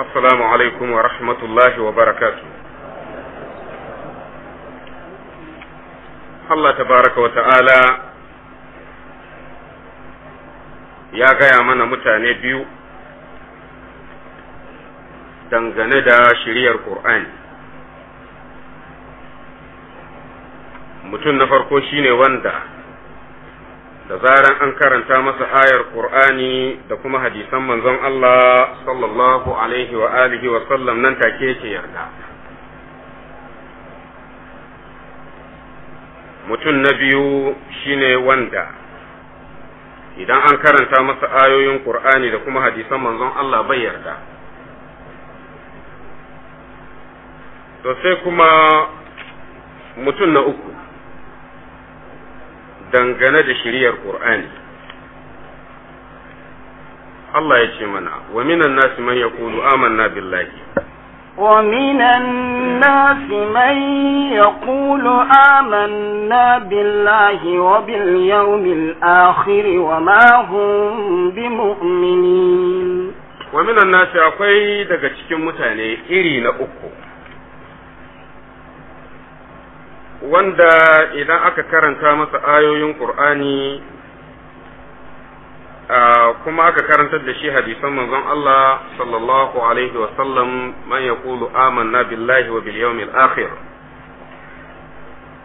asalamualeykum wa rahmatulah wa barakatu. allah ta barakawata ala ya gaya mana mutane biyu dangane da shiriyar qur'ani mutum na farko shine wanda. da zaran an karanta masa ayar Qur'ani da kuma hadisan manzon Allah sallallahu alaihi wa alihi wa sallam nan take yake yarda mutum na biyu shine wanda idan an karanta masa ayoyin Qur'ani da kuma hadisan manzon Allah bai yarda to sai kuma mutum na uku dangane da shiriyar Qur'ani Allah ya ce mana wa minan nasi man yaqulu amanna billahi wa minan nasi man yaqulu amanna billahi wa bil yawmil akhir wa ma hum bimu'minin wa minan nasi akwai daga cikin mutane iri na uku wanda idan aka karanta masa ayoyin Qur'ani kuma aka karantar da shi hadisan manzon Allah sallallahu alaihi wa sallam man yaqulu amanna billahi wa bil yawmil akhir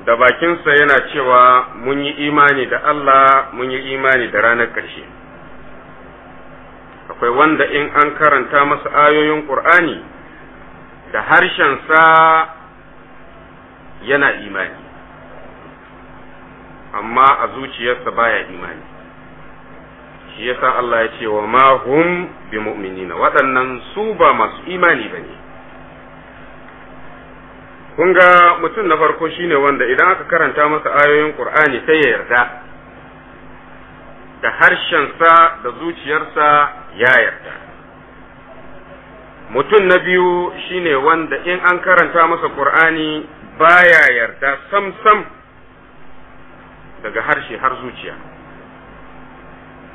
da bakinsa yana cewa mun yi imani da Allah mun yi imani da ranar ƙarshe akwai wanda in an karanta masa ayoyin Qur'ani da harshen harshensa yana imani amma a zuciyarsa baya imani shi yasa Allah ya ce wa ma hum bi mu'minina waɗannan su ba masu imani bane kun ga mutum na farko shine wanda idan aka karanta masa ayoyin Qur'ani sai ya yarda da harshensa da zuciyarsa ya yarda mutum na biyu shine wanda in an karanta masa Qur'ani baya yarda sam sam daga harshe har zuciya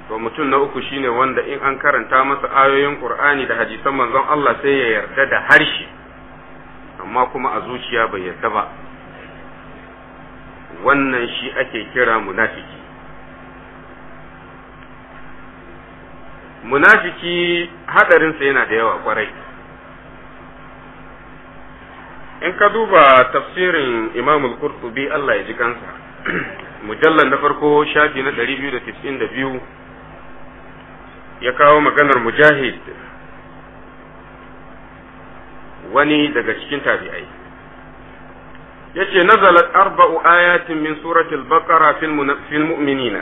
to mutum na uku shine wanda in an karanta masa ayoyin qur'ani da hadisan manzon Allah sai ya yarda da harshe amma kuma a zuciya bai yarda ba wannan shi ake kira munafiki munafiki hadarinsa yana da yawa kwarai in ka duba tafsirin imam al-qurtubi Allah ya ji kansa mujallar na farko shafi na 292 ya kawo maganar mujahid wani daga cikin tabi'ai ya ce nazalat arba'u ayatin min surati al-baqara fil mu'minina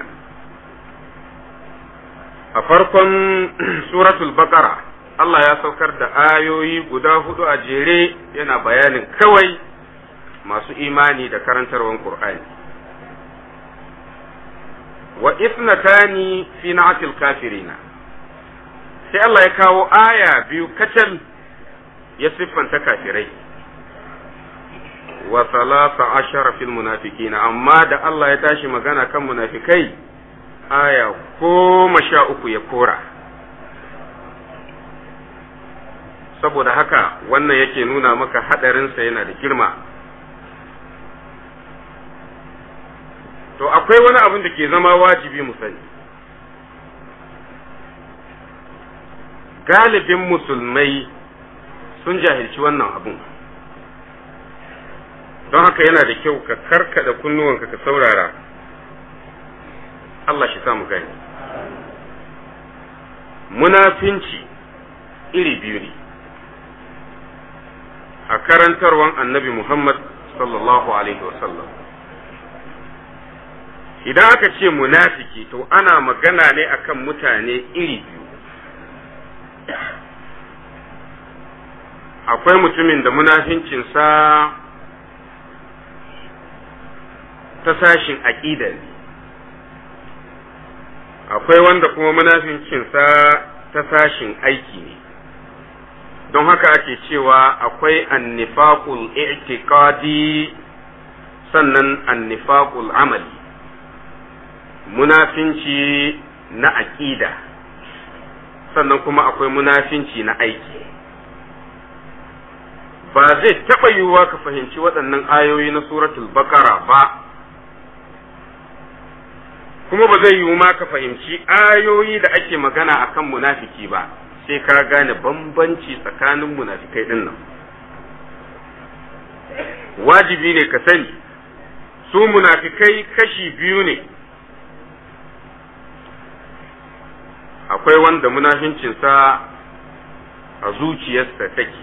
a farkon suratul baqara Allah ya saukar da ayoyi guda hudu a jere yana bayanin kawai masu imani da karantarwar Qur'ani. Wa isnatani fi na'atil kafirina sai Allah ya kawo aya biyu kacal ya siffanta kafirai. Wa salasa ashara fil munafikina amma da Allah ya tashi magana kan munafikai aya goma sha uku ya kora. saboda haka wannan yake nuna maka haɗarinsa yana da girma to akwai wani abin da ke zama wajibi mu galibin musulmai sun jahilci wannan abin don haka yana da kyau ka karkada kunnuwanka ka saurara Allah shi samu gani munafinci iri biyu ne a karantarwan annabi Muhammad sallallahu alaihi wasallam idan aka ce munafiki to ana magana ne akan mutane iri biyu akwai mutumin da munafincinsa ta sashin aƙida akwai wanda kuma munafincinsa ta sashin aiki ne don haka ake cewa akwai annifaqul i'tiqadi sannan annifaqul amali munafinci na aƙida sannan kuma akwai munafinci na aiki ba zai taɓa yiwuwa ka fahimci waɗannan ayoyi na suratul bakara ba kuma ba zai yiwu ma ka fahimci ayoyi da ake magana akan munafiki ba sai ka gane bambanci tsakanin munafikai din nan wajibi ne ka sani su munafikai kashi biyu ne akwai wanda munafincinsa a zuciyarsa take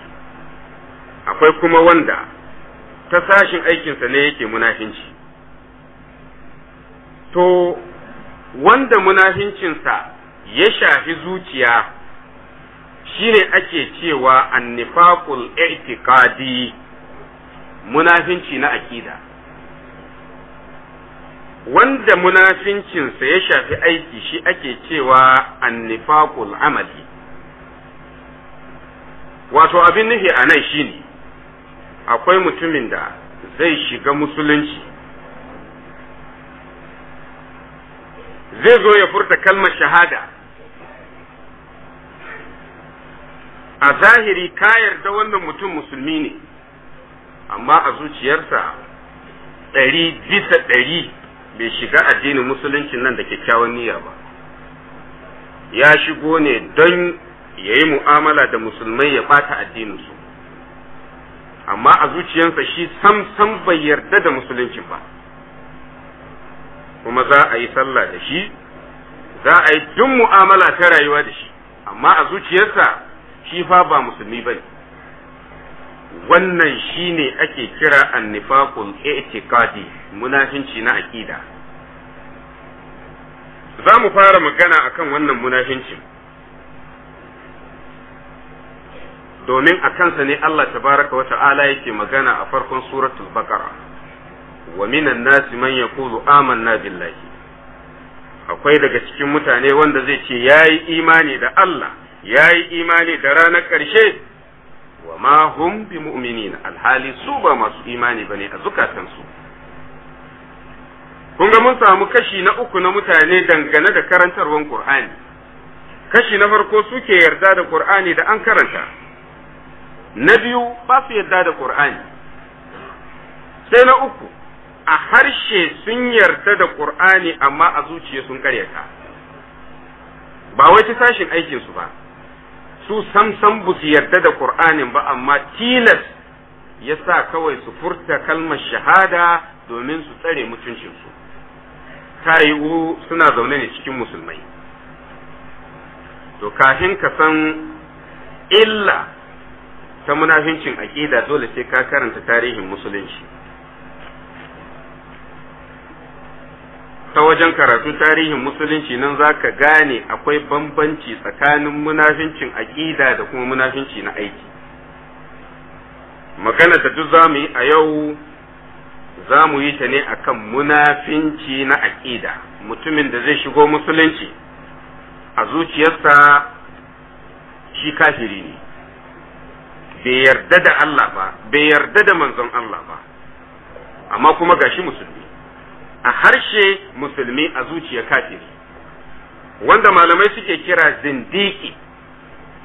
akwai kuma wanda ta sashin aikinsa ne yake munafinci to wanda munafincinsa ya shafi zuciya shine ake cewa annifaqul i'tiqadi munafinci na akida wanda munafincinsa ya shafi aiki shi ake cewa annifaqul amali wato abin nufi a nan shine akwai mutumin da zai shiga musulunci zai zo ya furta kalmar shahada a zahiri ka yarda wannan mutum musulmi ne amma a zuciyarsa ɗari bisa ɗari bai shiga addinin musuluncin nan da kyakkyawan niyya ba ya shigo ne don ya yi mu'amala da musulmai ya ɓata addininsu amma a zuciyarsa shi sam sam bai yarda da musuluncin ba kuma za a yi sallah da shi za a yi duk mu'amala ta rayuwa da shi amma a zuciyarsa shi fa ba musulmi bane wannan shine ake kira annifaqul Etikadi munafinci na aqida za mu fara magana akan wannan munafincin domin a kansa ne Allah tabaraka ta'ala yake magana a farkon suratul baqara wa minan nasi man yaqulu amanna billahi akwai daga cikin mutane wanda zai ce yayi imani da Allah ya yi imani da ranar ƙarshe wa ma hum bi mu'minin alhali su ba masu imani ba ne a zukatansu kun ga mun samu kashi na uku na mutane dangane da karantarwar qur'ani kashi na farko suke yarda da qur'ani da an karanta na biyu ba su yarda da qur'ani sai na uku a harshe sun yarda da qur'ani amma a zuciya sun karyata ba wai ta sashin aikinsu ba su samsam bu su yarda da Qur'anin ba amma tilas ya sa kawai su furta kalmar shahada domin su tsare mutuncinsu ta yiwu suna zaune ne cikin musulmai to kafin ka san illa ta munafincin aƙida dole sai ka karanta tarihin musulunci ta wajen karatun tarihin musulunci nan zaka gane akwai bambanci tsakanin munafincin aƙida da kuma munafinci na aiki magana da duk za yi a yau za mu yi ta ne akan munafinci na aƙida mutumin da zai shigo musulunci a zuciyarsa shi kafiri ne bai yarda da Allah ba bai yarda da manzon Allah ba amma kuma gashi musulmi a harshe musulmi a zuciya kafiri wanda malamai suke kira zindiki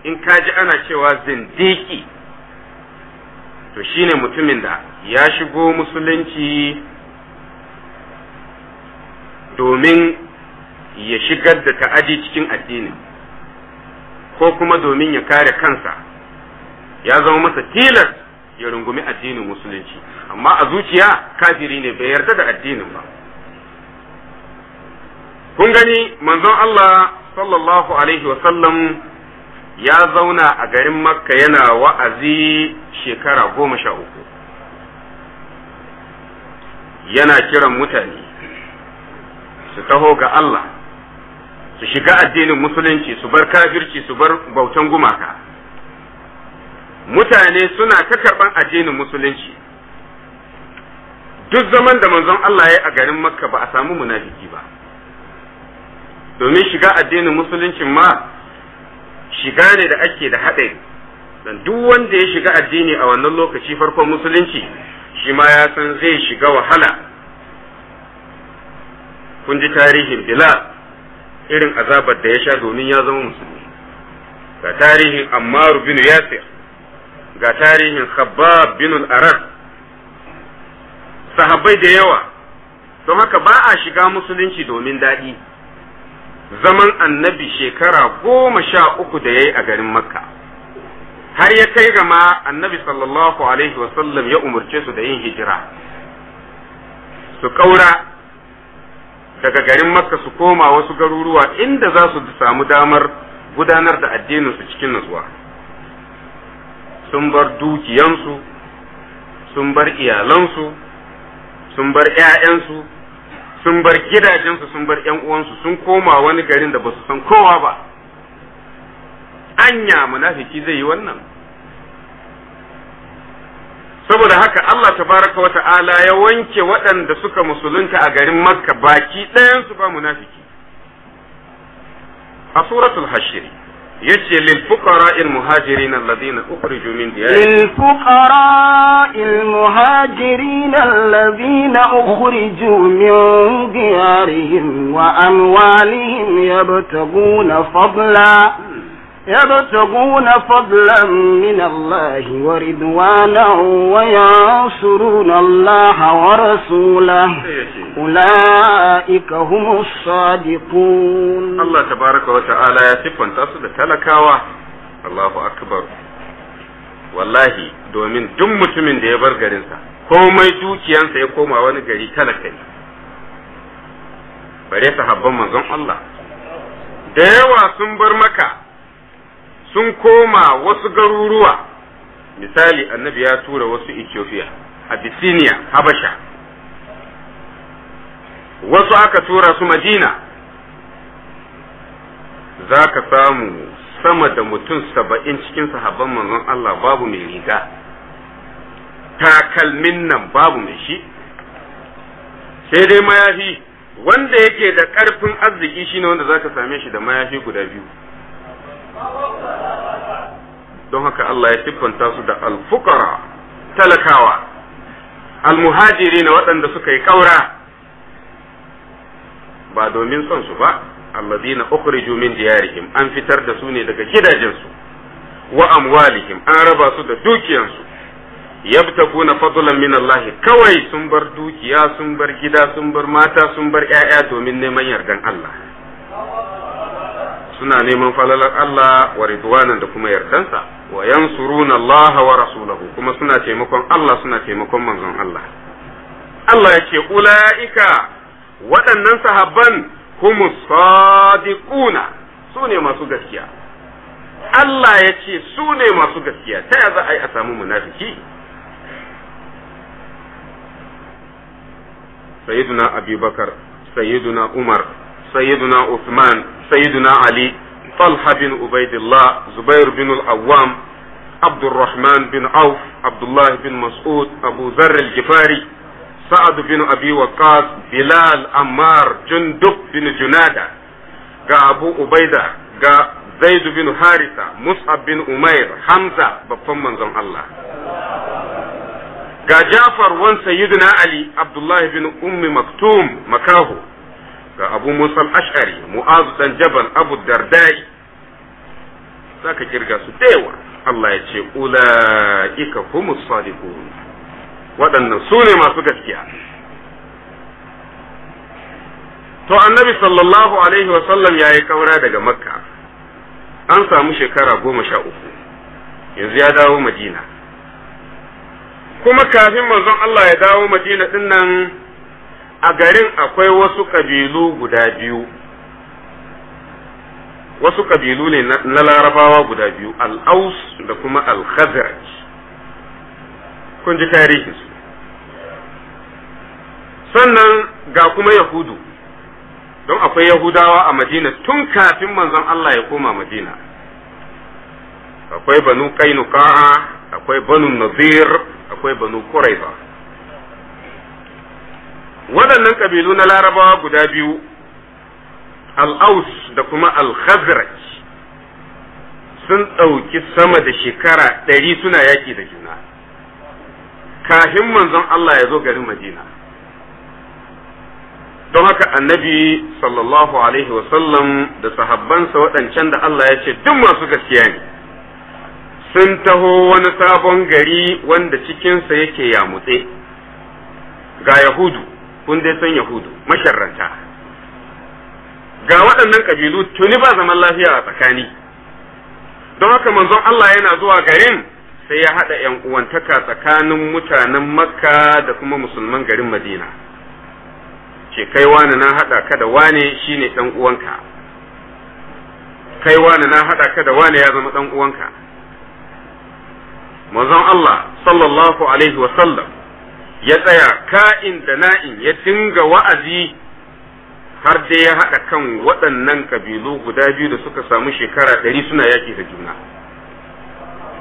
in kaji ana cewa zindiki to shine mutumin da ya shigo musulunci domin ya shigar da ta'adi cikin addinin ko kuma domin ya kare kansa ya zama masa tilas ya rungumi addinin musulunci amma a zuciya kafiri ne bai yarda da addinin ba kun gani manzon Allah sallallahu alaihi wa sallam ya zauna a garin makka yana wa'azi shekara goma sha uku yana kiran mutane su taho ga Allah su shiga addinin musulunci su bar kafirci su bar bautan gumaka mutane suna ta karɓan addinin musulunci duk zaman da manzon Allah ya a garin makka ba a samu munafiki ba domin shiga addinin musuluncin ma shiga ne da ake da haɗe don duk wanda ya shiga addini a wannan lokaci farkon musulunci shi ma ya san zai shiga wahala kun ji tarihin bila irin azabar da ya sha domin ya zama musulmi ga tarihin ammaru bin yasir ga tarihin khabbab bin al sahabbai da yawa don haka ba a shiga musulunci domin daɗi zaman annabi shekara goma sha uku da ya yi a garin makka har ya kai gama annabi sallallahu alaihi wasallam ya umarce su da yin hijira su ƙaura daga garin makka su koma wasu garuruwa inda za su samu damar gudanar da addininsu cikin nutsuwa sun bar dukiyansu sun bar iyalansu sun bar 'ya'yansu sun bar gidajensu sun bar ‘yan uwansu sun koma wani garin da ba su san kowa ba anya munafiki zai yi wannan saboda haka Allah Ta tabaraka wata'ala ya wanke waɗanda suka musulunta a garin makka baki ɗayansu ba munafiki a suratul hashiri يسر للفقراء المهاجرين الذين اخرجوا من ديارهم للفقراء المهاجرين الذين اخرجوا من ديارهم واموالهم يبتغون فضلا يبتغون فضلا من الله ورضوانا وينصرون الله ورسوله أولئك هم الصادقون الله تبارك وتعالى يسفن تصد تلكاوة الله أكبر والله domin duk mutumin da ya bar garinsa komai dukiyansa ya koma wani gari talaka ne bare sahabban manzon Allah da yawa sun bar maka sun koma wasu garuruwa misali annabi ya tura wasu ethiopia abyssinia habasha wasu aka tura su madina za ka samu sama da mutum saba'in cikin sahabban manzon Allah babu mai riga takalmin nan babu mai shi sai dai mayafi wanda yake da ƙarfin arziki shine wanda za ka same shi da mayafi guda biyu don haka Allah ya siffanta su da alfukara talakawa almuhajiri na waɗanda suka yi ƙaura ba domin son su ba alladina ukhriju min diyarihim an fitar da su ne daga gidajensu wa amwalihim an raba su da dukiyansu yabtakuna fadlan min Allah kawai sun bar dukiya sun bar gida sun bar mata sun bar yaya domin neman yardan Allah suna neman falalar Allah wa ridwanan da kuma yardansa wa yansuruna Allah wa rasulahu kuma suna taimakon Allah suna taimakon manzon Allah Allah yake ulaika waɗannan sahabban humus sadiquna su ne masu gaskiya Allah ya ce su ne masu gaskiya ta ya za a yi a samu munafiki sayyiduna abubakar sayyiduna umar سيدنا عثمان سيدنا علي طلحة بن عبيد الله زبير بن العوام عبد الرحمن بن عوف عبد الله بن مسعود أبو ذر الجفاري سعد بن أبي وقاص بلال عمار جندب بن جنادة جا أبو عبيدة جا زيد بن حارثة مصعب بن أمير حمزة بفم منظم الله ga Jafar wan sayyidina Ali Abdullahi bin Ummi Maktum makahu ga abu musal ash'ari mu'azu dan jabal abu dardai zaka kirga su da Allah ya ce ula'ika humus sadiqun waɗannan su ne masu gaskiya to annabi sallallahu alaihi wasallam ya yi kaura daga makka an samu shekara goma sha uku yanzu ya dawo madina kuma kafin manzon Allah ya dawo madina dinnan. a garin akwai wasu kabilu guda biyu wasu kabilu ne na larabawa guda biyu al'aus da kuma al-khazraj kun ji tarihinsu sannan ga kuma yahudu don akwai yahudawa a madina tun kafin manzon Allah ya koma madina akwai banu kainuka akwai banu nazir akwai banu kuraiba waɗannan ƙabilu na larabawa guda biyu al'aus da kuma al-khazraj sun ɗauki sama da shekara ɗari suna yaƙi da juna kafin manzon Allah ya zo garin Madina don haka annabi sallallahu alaihi wasallam da sahabbansa waɗancan da Allah ya ce duk masu gaskiya ne sun taho wani sabon gari wanda cikinsa yake yamutse ga yahudu kun dai san yahudu masharranta ga waɗannan ƙabilu tuni ba zaman lafiya a tsakani don haka manzon Allah yana zuwa garin sai ya haɗa ‘yan uwantaka tsakanin mutanen makka da kuma musulman garin madina ce kai wani na haɗa ka da wane shine ɗan uwanka kai wani na haɗa ka da wane ya zama ɗan uwanka manzon Allah sallallahu alaihi wasallam ya tsaya ka'in da na'in ya dinga wa'azi har dai ya haɗa kan waɗannan ƙabilu guda biyu da suka samu shekara ɗari suna yaƙi da juna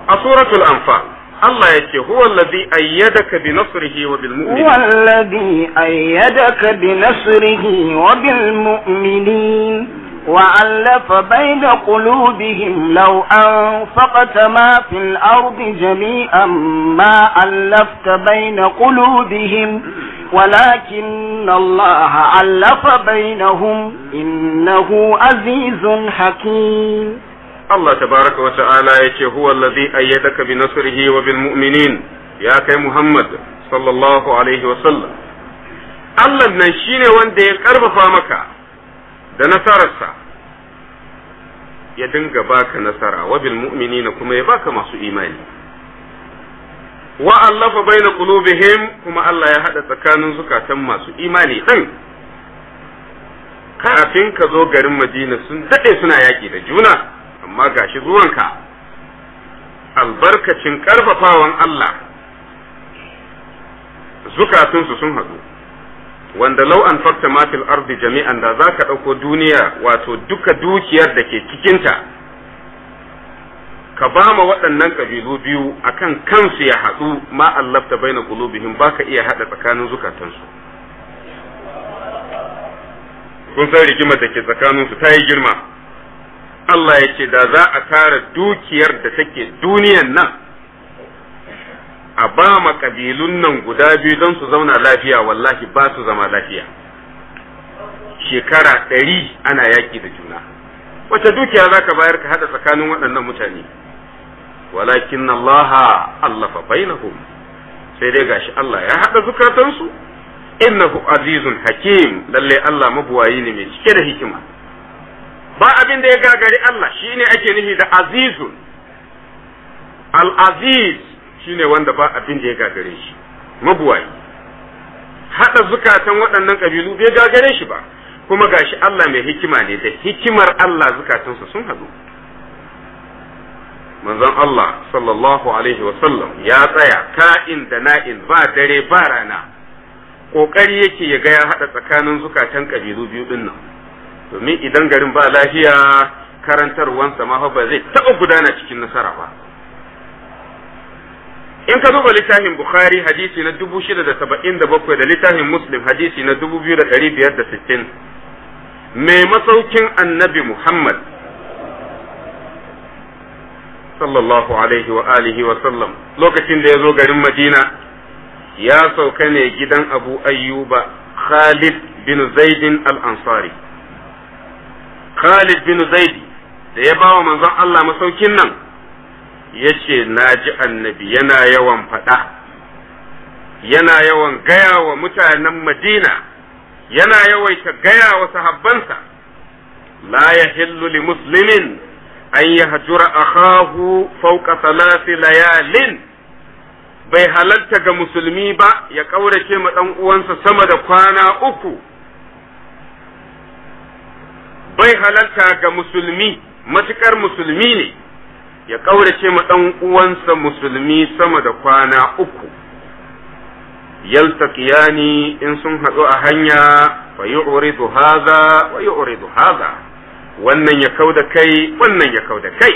a suratul anfa Allah ya ce huwa alladhi ayyadaka bi nasrihi wa bil mu'minin huwa alladhi ayyadaka bi nasrihi wa bil وألف بين قلوبهم لو أنفقت ما في الأرض جميعا ما ألفت بين قلوبهم ولكن الله ألف بينهم إنه عزيز حكيم الله تبارك وتعالى يكي هو الذي أيدك بنصره وبالمؤمنين يا كي محمد صلى الله عليه وسلم الله من شين وان دي قرب فامك da nasararsa ya dinga baka nasara wa bil mu'minina kuma ya baka masu imani wa allafa baina qulubihim kuma Allah ya hada tsakanin zukatan masu imani din kafin ka zo garin Madina sun dade suna yaki da juna amma gashi zuwanka albarkacin karfafawan Allah zukatunsu sun haɗu wanda law an fakta ma fil ardi jami'an da za ka ɗauko duniya wato duka dukiyar da ke cikinta ka ba ma waɗannan ƙabilu biyu akan kansu ya haɗu ma ta baina qulubihim baka iya hada tsakanin zukatansu kun san rigimar da ke tsakaninsu ta yi girma Allah ya ce da za a tara dukiyar da take duniyar nan a ba ma kabilun nan guda biyu don su zauna lafiya wallahi ba su zama lafiya shekara ɗari ana yaƙi da juna wace dukiya za ka bayar ka haɗa tsakanin waɗannan mutane walakin Allah allafa bainahum sai dai gashi Allah ya haɗa zukatansu innahu azizun hakim lalle Allah mabuwayi ne mai cike da hikima ba abin da ya gagari Allah shine ake nufi da azizun al-aziz shine wanda ba abin da ya gagare shi mabuwayi hada zukatan waɗannan ƙabilu bai gagare shi ba kuma gashi Allah mai hikima ne da hikimar Allah zukatansa sun hadu manzon Allah sallallahu alaihi wasallam ya tsaya ka'in da na'in ba dare ba rana kokari yake ya gaya ya hada tsakanin zukatan ƙabilu biyu din nan domin idan garin ba lafiya karantarwansa ma ba zai taɓa gudana cikin nasara ba in ka duba littafin bukhari hadisi na dubu shida da saba'in da bakwai da littafin muslim hadisi na dubu biyu da biyar da sittin mai masaukin annabi muhammad sallallahu alaihi wa alihi wa sallam lokacin da ya zo garin madina ya sauka ne gidan abu ayyuba khalid bin zaidin al-ansari khalid bin zaidi da ya ba wa manzon allah masaukin nan yace ce na ji annabi yana yawan faɗa yana yawan gaya wa mutanen madina yana yawaita gaya wa sahabbansa la ya li muslimin an yi hajura akhahu fauka layalin bai halarta ga musulmi ba ya ƙaurace ma ɗan uwansa sama da kwana uku bai halarta ga musulmi matuƙar musulmi ne ya kaurace ma ɗan uwansa musulmi sama da kwana uku yaltaqiyani in sun haɗu a hanya fa yu'ridu hadha wa yu'ridu hadha wannan ya kauda kai wannan ya kauda kai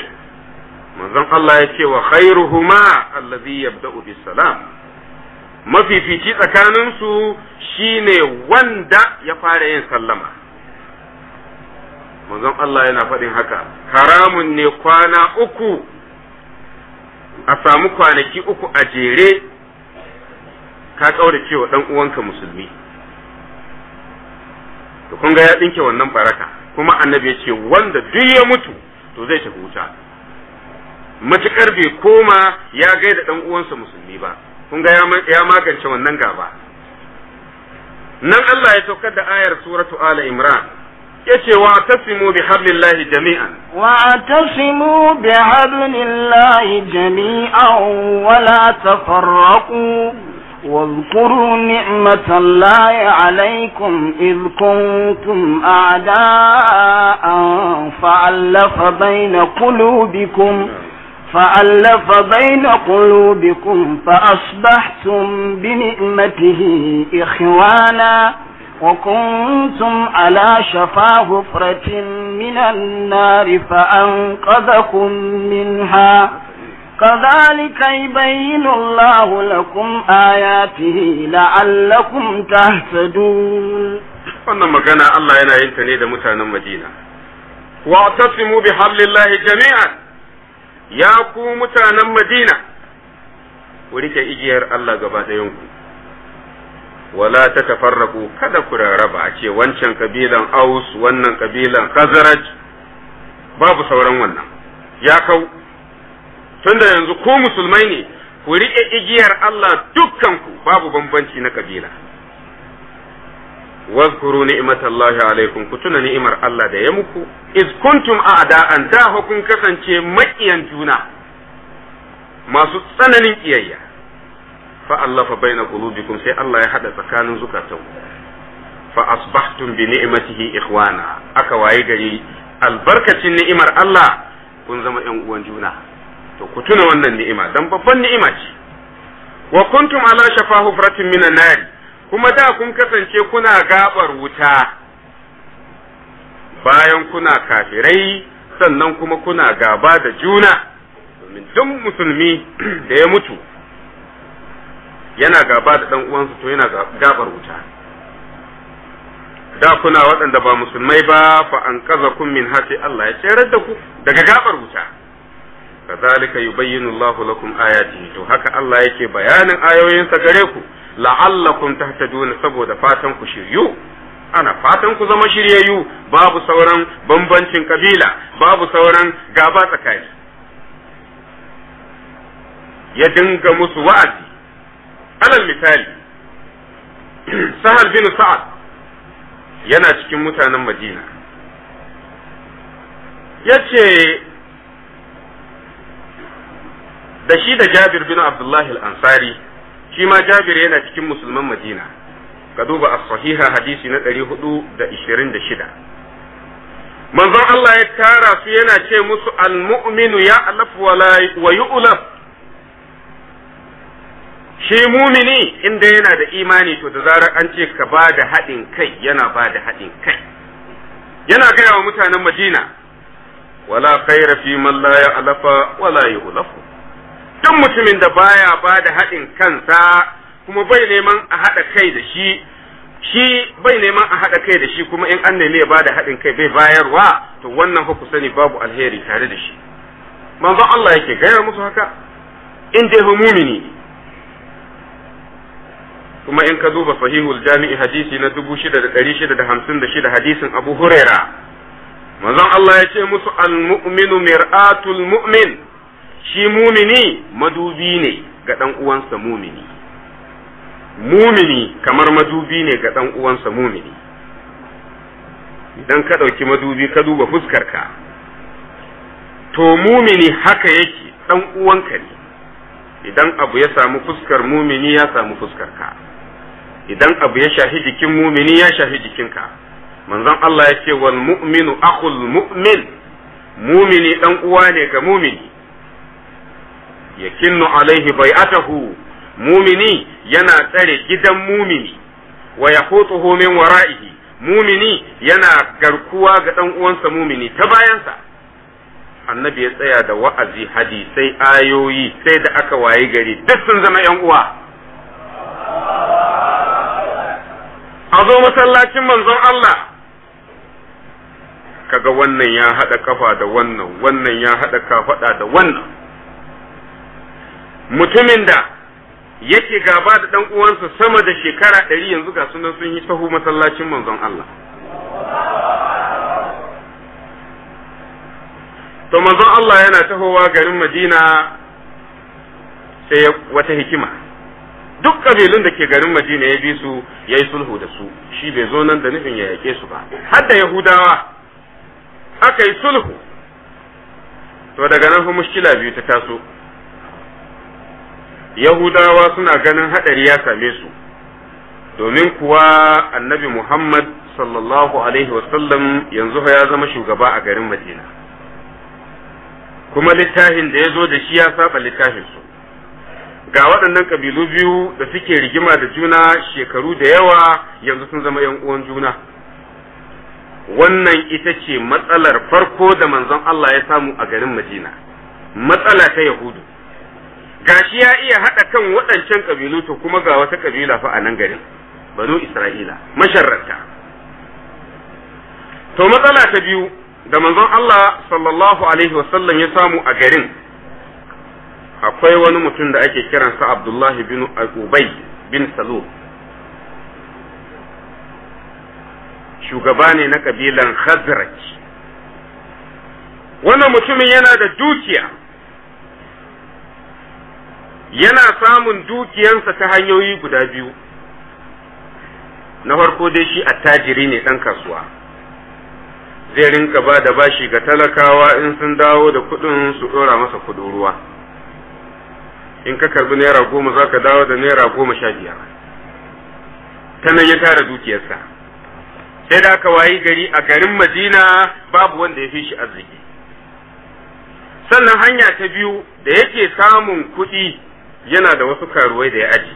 manzon Allah ya ce wa khairuhuma allazi yabda'u bis salam mafifici tsakaninsu shine wanda ya fara yin sallama manzon Allah yana faɗin haka haramun ne kwana uku a samu kwanaki uku a jere ka kaura cewa dan uwanka musulmi to kun ga ya dinke wannan baraka kuma annabi ya ce wanda duk ya mutu to zai tafi wuta matukar bai koma ya gaida dan uwansa musulmi ba kun ga ya magance wannan gaba nan Allah ya saukar da ayar suratu ala imran yace wa tasimu bi hablillahi jami'an wa tasimu bi hablillahi jami'an wa tafarraqu واذكروا نعمة الله عليكم إذ كنتم أعداء فألف بين قلوبكم فألف بين قلوبكم فأصبحتم بنعمته إخوانا وكنتم على شفا حفرة من النار فأنقذكم منها كذلك يبين الله لكم آياته لعلكم تهتدون wannan magana Allah yana yin ta ne da mutanen Madina wa tasimu bi hablillahi jami'an ya ku mutanen Madina ku rike igiyar Allah gaba ɗayan wala ta tafarraku kada ku rarraba a ce wancan kabilan aus wannan kabilan khazraj babu sauran wannan ya kau tunda yanzu ko musulmai ne ku riƙe igiyar Allah dukkanku babu bambanci na kabila wazkuru ni'matallahi alaikum ku tuna ni'imar Allah da ya muku iz kuntum a'da'an da kun kasance maƙiyan juna masu tsananin kiyayya fa allafa baina qulubikum sai Allah ya haɗa tsakanin zukatanku fa asbahtum bi ni'matihi ikhwana aka waye gari albarkacin ni'imar Allah kun zama ƴan uwan juna to ku tuna wannan ni'ima dan babban ni'ima ce wa kuntum ala shafa hufratin minan nar kuma da kun kasance kuna gabar wuta bayan kuna kafirai sannan kuma kuna gaba da juna domin duk musulmi da ya mutu yana gaba da dan uwansa to yana gabar wuta da kuna waɗanda ba musulmai ba fa an kaza kun min hati Allah ya tsere da ku daga gabar wuta kazalika yubayyinu Allahu lakum ayati to haka Allah yake bayanin ayoyinsa gare ku la'allakum tahtadun saboda fatan ku shiryu ana fatan ku zama shiryayyu babu sauran bambancin kabila babu sauran gaba tsakani ya dinga musu wa'azi alal misali sahal bin sa'ad yana cikin mutanen madina ya ce da shi da jabir bin abdullahi al-ansari shi ma jabir yana cikin musulman madina ka duba as-sahiha hadisi na 426 manzon Allah ya tara su yana ce musu al-mu'minu ya alaf wa yu'laf shi mumini inda yana da imani to da zarar an ce ka ba da haɗin kai yana ba da haɗin kai yana gaya wa mutanen madina wala khaira fi man la ya'lafa wala yuhlafu duk mutumin da baya ba da haɗin kansa kuma bai neman a haɗa kai da shi shi bai neman a haɗa kai da shi kuma in an nemi ya ba da haɗin kai bai bayarwa to wannan ku sani babu alheri tare da shi manzon Allah yake gaya musu haka in dai mumini kuma in ka duba sahihul jami'i hadisi na 6656 hadisin Abu Huraira manzon Allah ya ce musu al-mu'minu mir'atul mu'min shi mumini madubi ne ga dan uwansa mumini mumini kamar madubi ne ga dan uwansa mumini idan ka ɗauki madubi ka duba fuskarka to mumini haka yake dan uwanka ne idan abu ya samu fuskar mumini ya samu fuskarka. ka idan abu ya shafi jikin mumini ya shafi jikinka manzon Allah ya ce wal mu'minu akhul mu'min mumini dan uwa ne ga mumini yakinnu alaihi bai'atahu mumini yana tsare gidan mumini wa yahutuhu min wara'ihi mumini yana garkuwa ga dan uwansa mumini ta bayansa annabi ya tsaya da wa'azi hadisai ayoyi sai da aka wayi gari duk sun zama yan uwa a zo masallacin manzon Allah kaga wannan ya haɗa kafa da wannan wannan ya haɗa kafaɗa da wannan mutumin da yake gaba da ɗan uwansa sama da shekara ɗari yanzu ga sunan sun yi sahu masallacin manzon Allah to manzon Allah yana tahowa garin Madina sai wata hikima duk kabilun da ke garin madina ya bi su ya sulhu da su shi bai zo nan da nufin ya yake su ba har da yahudawa aka yi sulhu to daga nan fa mushkila biyu ta taso yahudawa suna ganin haɗari ya same su domin kuwa annabi muhammad sallallahu alaihi wasallam yanzu ya zama shugaba a garin madina kuma littafin da ya zo da shi ya saba su. ga waɗannan kabilu biyu da suke rigima da juna shekaru da yawa yanzu sun zama yan uwan juna wannan ita ce matsalar farko da manzon Allah ya samu a garin Madina matsala ta Yahudu gashi ya iya haɗa kan waɗancan kabilu to kuma ga wata ƙabila fa a nan garin banu Isra'ila masharrata to matsala ta biyu da manzon Allah sallallahu alaihi wasallam ya samu a garin akwai wani mutum da ake kiransa abdullahi bin ubay bin salul shugaba ne na kabilan khazraj wannan mutumin yana da dukiya yana samun dukiyansa ta hanyoyi guda biyu na farko dai shi attajiri ne ɗan kasuwa zai rinka ba da bashi ga talakawa in sun dawo da kuɗin su ɗora masa kuɗin ruwa in ka karbi naira goma za ka dawo da naira goma sha biyar ta nan ya tara dukiyarsa sai da aka wayi gari a garin madina babu wanda ya fi shi arziki sannan hanya ta biyu da yake samun kuɗi yana da wasu karuwai da ya aji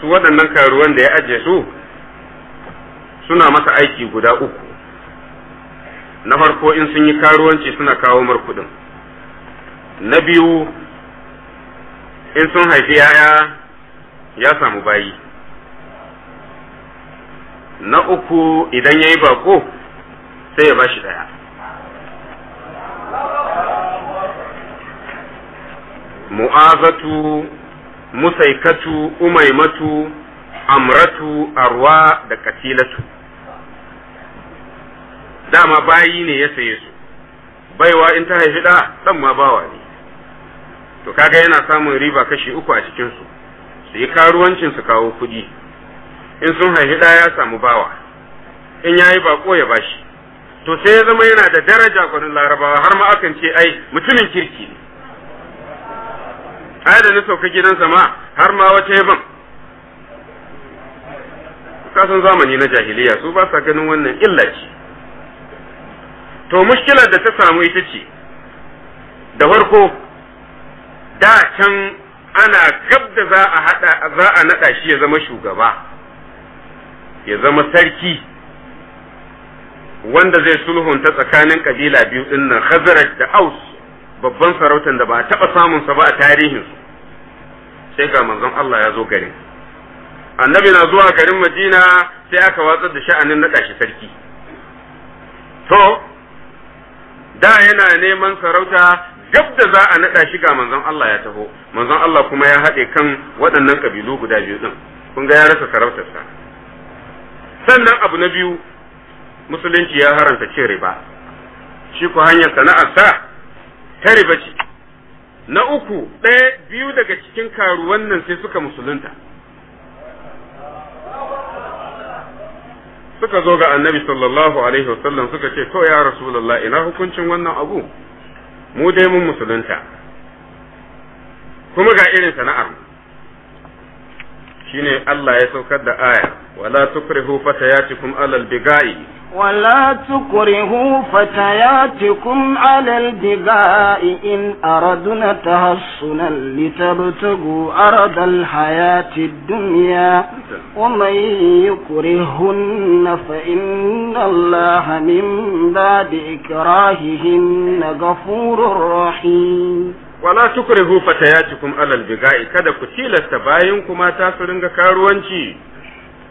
su waɗannan karuwan da ya aje su suna masa aiki guda uku na farko in sun yi karuwanci suna kawo mar kuɗin na biyu in sun haifi yaya ya samu bayi na uku idan ya yi bako sai ya ba shi daya mu'azatu musaikatu umaimatu amratu arwa da katilatu dama bayi ne ya saye su baiwa in ta haifi da ma bawa ne to kaga yana samun riba kashi uku a cikin su yi karuwancin su kawo kuɗi in sun haifi ɗaya ya samu bawa in yayi bako ya bashi to sai ya zama yana da daraja gwanin larabawa har ma akan ce ai mutumin kirki ne ai da na sauka gidansa ma har ma wata yaban kasan zamani na jahiliya su ba sa ganin wannan illa ce to mushkilar da ta samu ita ce da farko da can ana gab da za a hada za a nada shi ya zama shugaba ya zama sarki wanda zai sulhunta tsakanin kabila biyu din nan Khazraj da Aus babban sarautan da ba a taba samun sa ba a tarihin su sai ga manzon Allah ya zo garin annabi na zuwa garin Madina sai aka watsar da sha'anin nada shi sarki to da yana neman sarauta duk da za a naɗa shi ga manzon Allah ya taho manzon Allah kuma ya haɗe kan waɗannan kabilu guda biyu ɗin kun ga ya rasa sarautarsa sannan abu na biyu musulunci ya haranta ce riba shi ku hanyar sana'arsa ta riba ce na uku ɗaya biyu daga cikin karuwan nan sai suka musulunta suka zo ga annabi sallallahu alaihi wasallam suka ce to ya rasulullah ina hukuncin wannan abu mu dai mun musulunta kuma ga irin sana'ar mu shine Allah ya saukar da aya wala tukrihu fatayatikum alal bigai ولا تكرهوا فتياتكم على البغاء إن أردنا تحصنا لتبتغوا أرض الحياة الدنيا ومن يكرهن فإن الله من بعد إكراههن غفور رحيم ولا تكرهوا فتياتكم على البغاء kada ku tilasta bayan kuma ta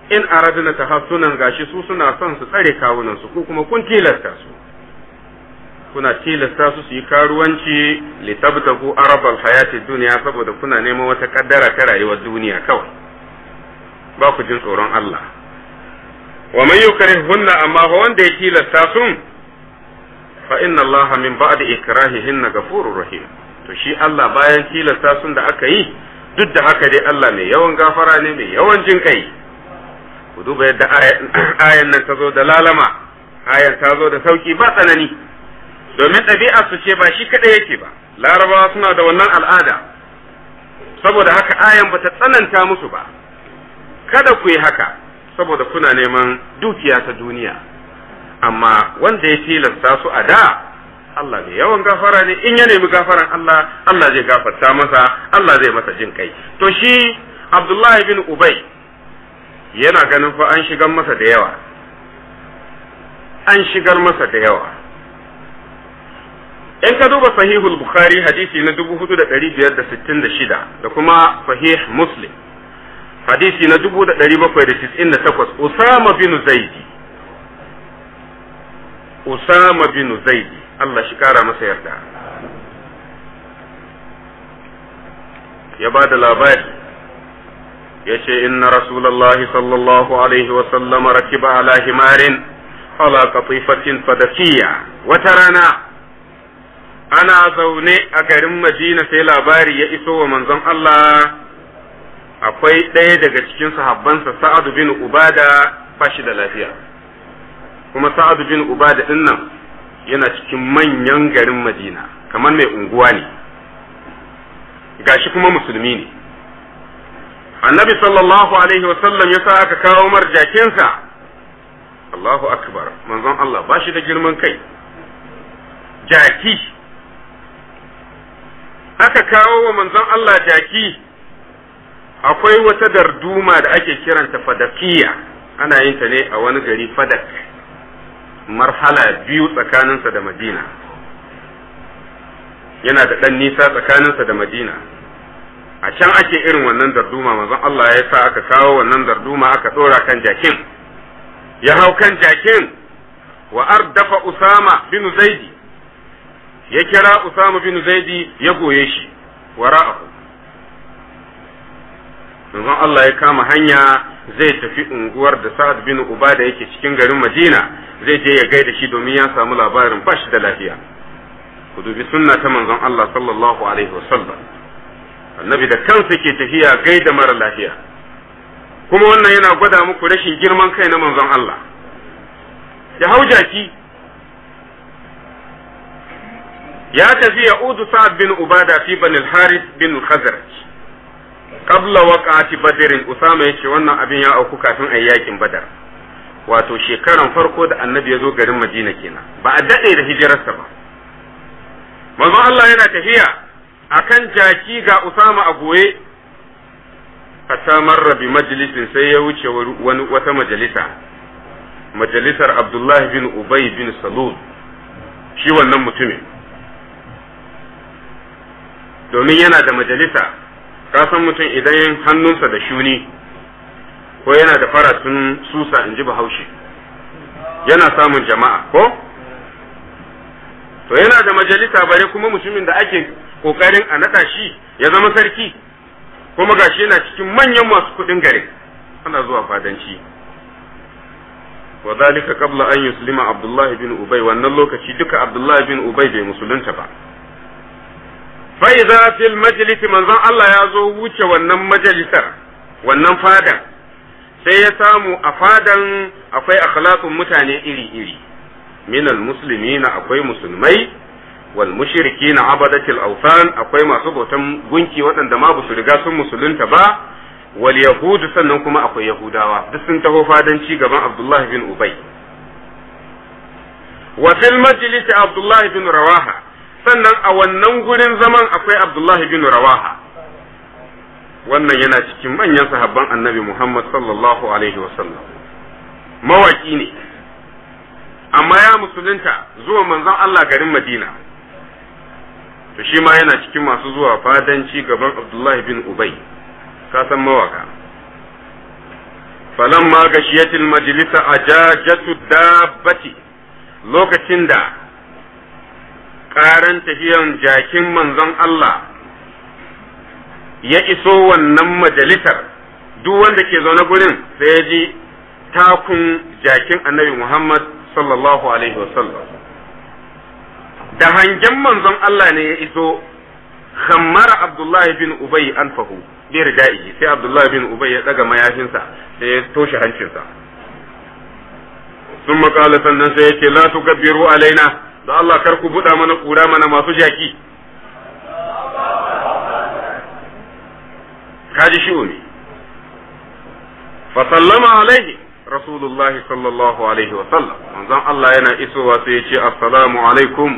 in aradna tahassunan gashi su suna son su tsare kawunan su ko kuma kun tilasta su kuna tilasta su su yi karuwanci litabtaku arabal hayati duniya saboda kuna neman wata kaddara ta rayuwar duniya kawai ba ku jin tsoron Allah wa man yukrihunna amma fa wanda ya tilasta sun fa inna Allah min ba'di ikrahihinna gafurur rahim to shi Allah bayan tilasta sun da aka yi duk da haka dai Allah mai yawan gafara ne mai yawan jin kai ku duba yadda ayan nan ta zo da lalama ayan ta zo da sauki ba tsanani domin ɗabi'a su ce ba shi kaɗai yake ba larabawa suna da wannan al'ada saboda haka ayan ba ta tsananta musu ba kada ku yi haka saboda kuna neman dukiya ta duniya amma wanda ya tilasta su a da Allah ne yawan gafara ne in ya nemi gafaran Allah Allah zai gafarta masa Allah zai masa jin kai to shi Abdullahi bin Ubay yana ganin fa an shigar masa da yawa an shigar masa da yawa in ka duba sahihul bukhari hadisi na 4566 da kuma sahih muslim hadisi na 1798 usama bin zaidi usama bin zaidi Allah shi kara masa yarda ya ba da labari yace inna rasulullahi sallallahu alaihi wa sallam rakiba ala himarin ala qatifatin fadakiya wata rana ana zaune a garin Madina sai labari ya iso wa manzon Allah akwai ɗaya daga cikin sahabbansa Sa'ad bin Ubada fashi da lafiya kuma Sa'ad bin Ubada din nan yana cikin manyan garin Madina kamar mai unguwa ne gashi kuma musulmi ne annabi sallallahu alaihi wasallam ya sa aka kawo mar jakinsa Allahu akbar manzon Allah ba shi da girman kai jaki aka kawo wa manzon Allah jaki akwai wata darduma da ake kiranta fadakiya ana yin ta ne a wani gari fadak marhala biyu tsakaninsa da madina yana da ɗan nisa tsakaninsa da madina a can ake irin wannan darduma manzon Allah ya sa aka kawo wannan darduma aka dora kan jakin ya hau kan jakin wa ardafa usama bin zaidi ya kira usama bin zaidi ya goye shi wara'ahu manzon Allah ya kama hanya zai tafi unguwar da Sa'ad bin Ubada yake cikin garin Madina zai je ya gaida shi domin ya samu labarin bashi da lafiya ku dubi sunna ta manzon Allah sallallahu alaihi wasallam annabi da kansa ke tafiya gaida mara lafiya kuma wannan yana gwada muku rashin girman kai na manzon Allah ya hau jaki ya tafi ya udu sa'ad bin ubada fi banil haris bin khazraj qabla waqati badrin usama yace wannan abin ya auku kafin ayi yakin badar wato shekaran farko da annabi ya zo garin madina kenan ba a dade da hijirarsa ba manzon Allah yana tafiya akan jaki ga Usama a goye a marra bi majalisin sai ya wuce wani wata majalisa majalisar Abdullahi bin Ubay bin Salul shi wannan mutumin domin yana da majalisa kasan mutum idan hannunsa da shuni ko yana da faratun susa in ji bahaushe yana samun jama'a ko to yana da majalisa bare kuma mutumin da ake kokarin a nada shi ya zama sarki kuma gashi yana cikin manyan masu kudin gari ana zuwa fadanci wa zalika qabla an yuslima abdullahi bin ubay wannan lokaci duka abdullahi bin ubay bai musulunta ba fa idza fil majlis manzon Allah ya zo wuce wannan majalisar wannan fadan sai ya samu a fadan akwai akhlaqun mutane iri iri minal na akwai musulmai wal mushiriki mushrikina abadatil awsan akwai masu bautan gunki waɗanda ma su riga sun musulunta ba wal yahudu sannan kuma akwai yahudawa duk sun taho fadanci gaban abdullahi bin ubay wa fil majlis abdullahi bin rawaha sannan a wannan gurin zaman akwai abdullahi bin rawaha wannan yana cikin manyan sahabban annabi muhammad sallallahu alaihi wasallam mawaki ne amma ya musulunta zuwa manzon Allah garin Madina to shi ma yana cikin masu zuwa fadanci gaban Abdullahi bin Ubay ka san mawaka falamma gashiyatil majlisa ajajatu dabbati lokacin da karan tafiyan jakin manzon Allah ya iso wannan majalisar duk wanda ke zaune gurin sai ya ji takun jakin annabi Muhammad sallallahu alaihi wasallam da hangen manzon Allah ne ya iso khammar Abdullahi bin Ubay anfahu bi rida'ihi sai Abdullahi bin Ubay ya daga mayafinsa sai ya toshe hancinsa sun makala sannan sai yake la gabiru alaina da Allah kar ku buɗa mana kura mana masu jaki kaji ne. fa sallama alaihi rasulullahi sallallahu alaihi wa sallam manzon Allah yana isowa sai ya ce assalamu alaikum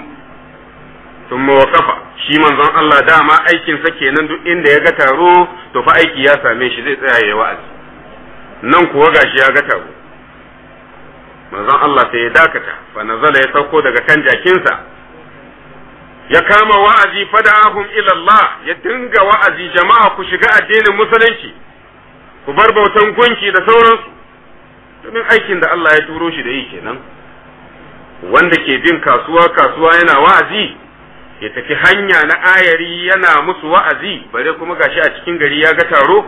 tun waqafa shi manzon Allah dama aikin sa kenan duk inda ya ga taro to fa aiki ya same shi zai tsaya ya wa'azi nan kuwa gashi ya ga taro manzon Allah sai ya dakata fa nazala ya sauko daga kan jakinsa ya kama wa'azi fada'ahum ila Allah ya dinga wa'azi jama'a ku shiga addinin musulunci ku bar bautan gunki da sauransu domin aikin da Allah ya turo shi da yi kenan wanda ke bin kasuwa kasuwa yana wa'azi ya tafi hanya na ayari yana musu wa'azi bare kuma gashi a cikin gari ya ga taro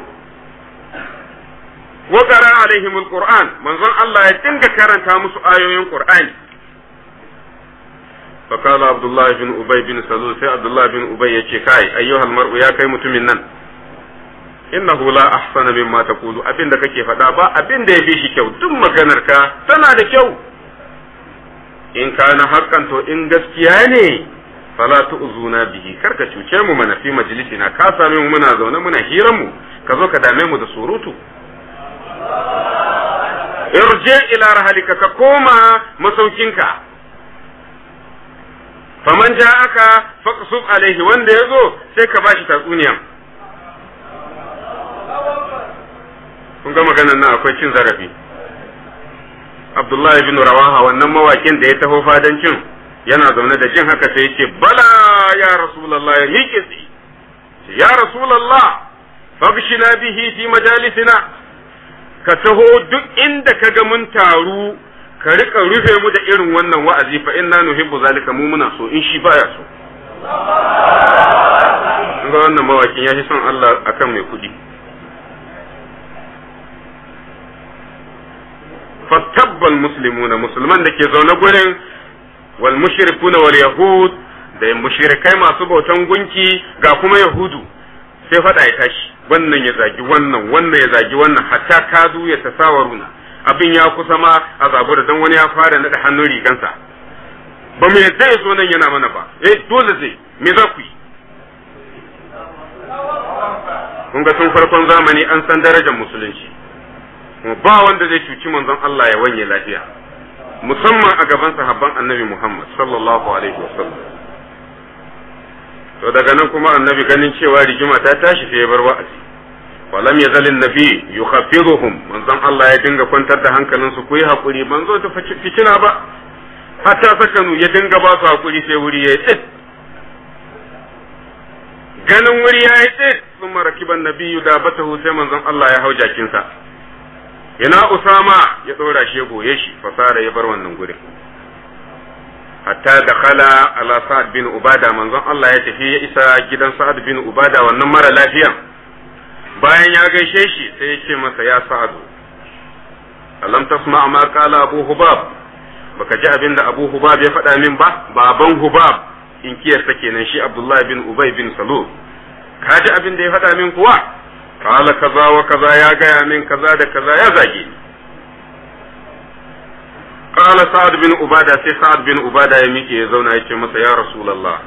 wa qara alaihim alquran manzon Allah ya dinga karanta musu ayoyin qur'ani fa kala abdullah bin ubay bin salul sai abdullah bin ubay yace kai ayyuhal mar'u ya kai mutumin nan innahu la ahsana mimma taqulu abinda kake faɗa ba abinda ya fi shi kyau duk maganar ka tana da kyau in kana haqqan to in gaskiya ne fala tu'zuna bihi kar ka cuce mu mana fi majlisina ka same mu muna zaune muna hiran mu ka zo ka dame mu da surutu irje ila rahalika ka koma masaukinka faman ja aka faqsuf alaihi wanda yazo sai ka bashi tatsuniyan kun ga maganar nan akwai cin zarafi abdullahi bin rawaha wannan mawakin da ya taho fadancin yana zaune da jin haka sai yace bala ya rasulullah ya miƙe ya rasulullah fabshina bihi fi majalisina ka taho duk inda ka ga mun taru ka rika rufe mu da irin wannan wa'azi fa inna nuhibbu zalika mu muna so in shi baya so ga wannan mawakin ya shi son Allah akan mai kuɗi fattabbal muslimuna musulman da ke zaune gurin wal mushrikuna wal yahud da mushrikai masu bautan gunki ga kuma yahudu sai fada ya tashi wannan ya zagi wannan wannan ya zagi wannan hatta kadu ya tasawaruna abin ya kusa ma a zabura dan wani ya fara nada hannun rigansa ba mu yadda ya zo nan yana mana ba eh dole zai me za ku yi kun ga tun farkon zamani an san darajar musulunci ba wanda zai cuci manzon Allah ya wanye lafiya musamman a gaban sahabban annabi Muhammad sallallahu alaihi wasallam to daga nan kuma annabi ganin cewa rigima ta tashi sai ya bar wa'azi falam ya zalin nabi yukhaffiruhum manzon Allah ya dinga kwantar da hankalinsu ku yi hakuri manzo ta fitina ba hatta sakanu ya dinga ba su hakuri sai wuri ya tsit ganin wuri ya tsit sun marakiban nabiyu da batahu sai manzon Allah ya hau jakinsa ina usama ya ɗora shi ya goye shi fasara ya bar wannan gurin hatta da kala ala sa'ad bin ubada manzon Allah ya tafi ya isa gidan sa'ad bin ubada wannan mara lafiya. bayan ya gaishe shi sai ya ce masa ya sa'adu alam tasma ma kala abu hubab baka ji abin da abu hubab ya faɗa min ba baban hubab in kiyasta kenan shi abdullahi bin ubay bin salul ka ji abin da ya faɗa min kuwa kala kaza wa kaza ya gaya min kaza da kaza ya zage ni sa'ad bin ubada sai sa'ad bin ubada ya miƙe ya zauna ce masa ya rasulullah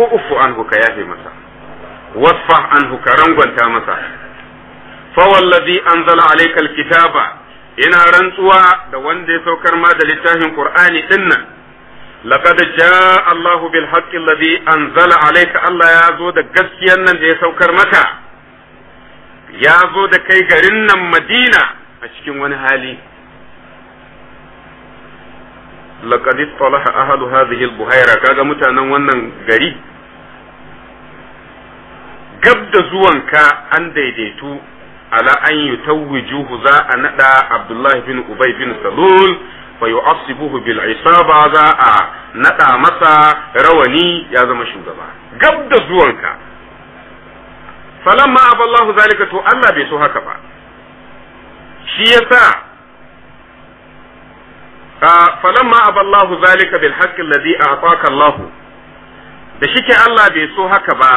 ufu anhu ka yafe masa wasfa anhu ka rangwanta masa fa wallazi anzala alayka alkitaba ina rantsuwa da wanda ya saukar ma da littafin qur'ani dinnan laqad jaa Allahu bil haqqi alladhi anzala alayka Allah ya zo da gaskiyar nan da ya saukar maka ya zo da kai garin nan madina a cikin wani hali laqad talaha ahlu hadhihi al-buhaira kaga mutanen wannan gari gab da zuwanka an daidaitu ala an yutawwijuhu za a nada abdullahi bin ubay bin salul fa yu'assibuhu bil isaba za a naɗa masa rawani ya zama shugaba gab da zuwanka abu aballahu zalika to Allah bai so haka ba shi yasa abu aballahu zalika bil haqqi alladhi a'taka Allah da shike Allah bai so haka ba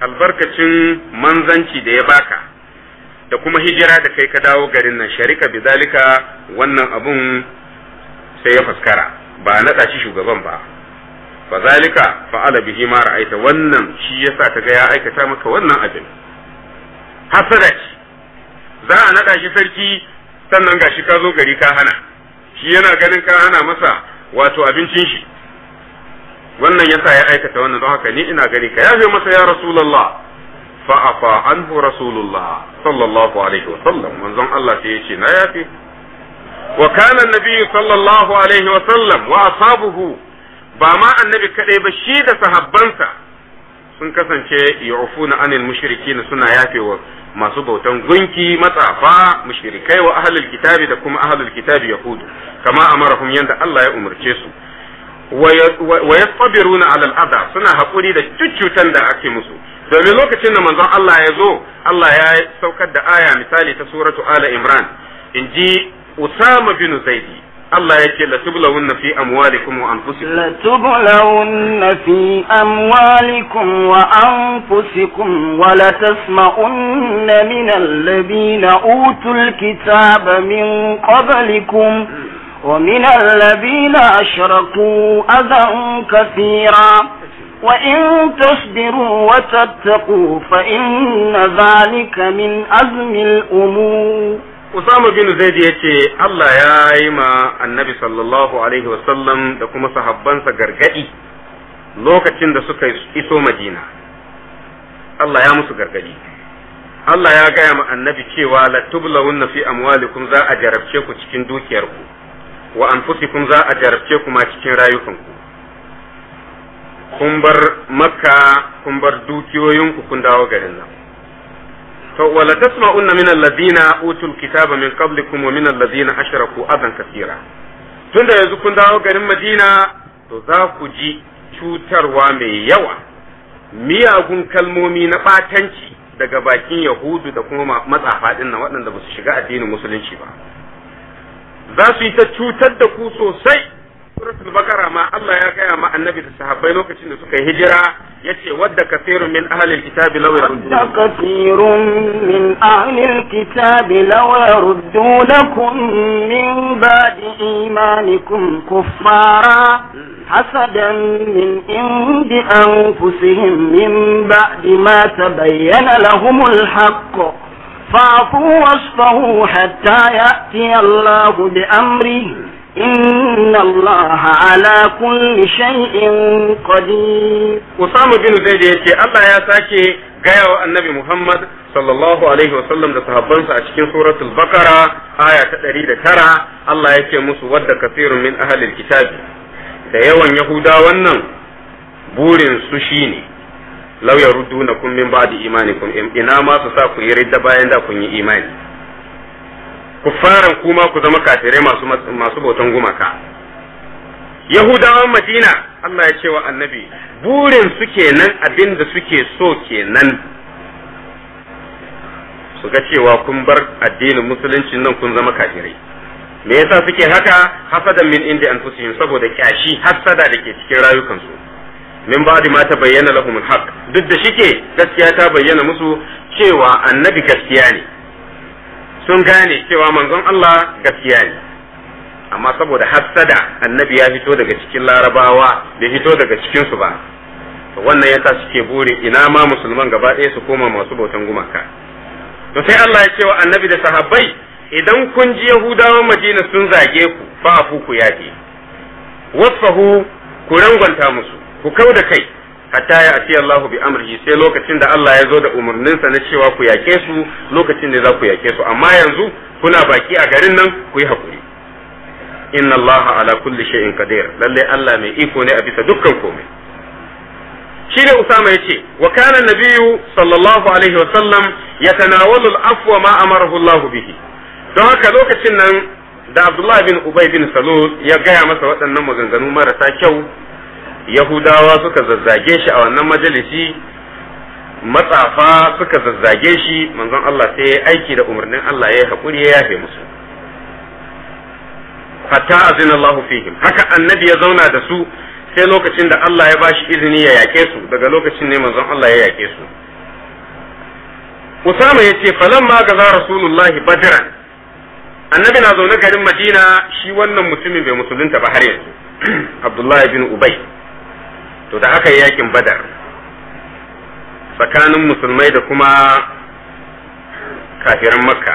albarkacin manzanci da ya baka da kuma hijira da kai ka dawo garin nan sharika bi zalika wannan abun sai ya faskara ba naɗa shi shugaban ba fa fa'ala bihi ma ra'aita wannan shi yasa ga ya aikata maka wannan abin hasada ce za a nada shi sarki sannan ga shi ka zo gari ka hana shi yana ganin ka hana masa wato abincin shi wannan yasa ya aikata wannan don haka ni ina gari ka yafe masa ya rasulullah fa afa anhu rasulullah sallallahu alaihi wa sallam manzon Allah sai ce na yafe wa kana annabi sallallahu alaihi wa sallam wa ashabuhu ba ma annabi kaɗai ba shi da sahabbansa sun kasance na anil na suna yafewa masu bautan gunki matsafa mushrikai wa ahlul kitabi da kuma ahlul kitabi yahudu kama amarahum yanda Allah ya umarce su wa yasbiruna alal adha suna hakuri da cuccutan da ake musu domin lokacin da manzon Allah ya zo Allah ya saukar da aya misali ta suratu ala imran in ji usama bin zaidi الله يكي لتبلون في أموالكم وأنفسكم لتبلون في أموالكم وأنفسكم ولتسمعن من الذين أوتوا الكتاب من قبلكم ومن الذين أشركوا أذى كثيرا وإن تصبروا وتتقوا فإن ذلك من أزم الأمور Usama bin Zaid ya ce Allah ya yi ma annabi sallallahu alaihi wasallam da kuma sahabbansa gargadi lokacin da suka iso Madina. Allah ya musu gargadi. Allah ya gaya ma annabi cewa na fi amwalikum za a jarabce ku cikin dukiyarku wa anfusikum za a jarabce ku ma cikin rayukanku. Kun bar Makka kun bar dukiyoyinku kun dawo garin nan. to wala tasma'unna min alladhina utul kitaba min qablikum wa min alladhina ashraku adan kathira tunda yanzu kun dawo garin Madina to za ku ji cutarwa mai yawa miyagun kalmomi na batanci daga bakin Yahudu da kuma matsafa din waɗanda ba su shiga addinin musulunci ba za su yi ta cutar da ku sosai سورة البقرة ما الله يا كيا ما النبي الصحابة لو كتير نسوك هجرة يتي ود كثير من أهل الكتاب لو يردون كثير من أهل الكتاب لو يردونكم من بعد إيمانكم كفارا حسدا من عند أنفسهم من بعد ما تبين لهم الحق فاعفوا واصفحوا حتى يأتي الله بأمره إن الله على كل شيء قدير Usama bin Zaid ya ce Allah ya sake gaya wa annabi Muhammad sallallahu alaihi wasallam da sahabbansa a cikin suratul bakara aya ta ɗari da tara. Allah ya ke musu wadda kasirun min ahalin kitabi da yawan Yahuda wannan burin su shine law yarudunakum min ba'di imanikum ina ma su sa ku yi ridda bayan da kun yi imani kuffaran kuma ku zama kafirai masu masu bautan gumaka yahudawan madina Allah ya ce wa annabi burin su kenan abin da suke so kenan su ga cewa kun bar addinin musulunci nan kun zama kafirai me yasa suke haka hasadan min inda anfusihim saboda kyashi hasada da ke cikin rayukansu min ba'di ma ta bayyana lahum alhaq duk da shike gaskiya ta bayyana musu cewa annabi gaskiya ne sun gane cewa manzon Allah gaskiya ne amma saboda hassada annabi ya fito daga cikin larabawa bai fito daga cikin su ba to wannan yasa suke burin ina ma musulman gaba ɗaya su koma masu bautan gumaka to sai Allah ya ce wa annabi da sahabbai idan kun ji yahudawan madina sun zage ku fa afu ku yafe wasfahu ku rangwanta musu ku kau da kai hatta ya ati Allahu bi amrihi sai lokacin da Allah ya zo da umarninsa na cewa ku yake su lokacin da za ku yake su amma yanzu kuna baki a garin nan ku yi hakuri inna Allah ala kulli shay'in qadir lalle Allah mai iko ne a bisa dukkan komai shine Usama yace wa kana nabiyyu sallallahu alaihi wa sallam yatanawalu al-afwa ma amarahu Allah bihi don haka lokacin nan da Abdullah bin Ubay bin Salul ya gaya masa waɗannan maganganu marasa kyau yahudawa suka zazzage shi a wannan majalisi matsafa suka zazzage shi manzon Allah sai ya aiki da umarnin Allah ya yi haƙuri ya yafe musu hatta azina Allah fihim haka annabi ya zauna da su sai lokacin da Allah ya bashi izini ya yake su daga lokacin ne manzon Allah ya yake su Usama ya ce ma gaza Rasulullahi Badran annabi na zaune garin Madina shi wannan mutumin bai musulunta ba har yanzu Abdullahi bin Ubay to da haka yi yakin badar tsakanin musulmai da kuma kafiran makka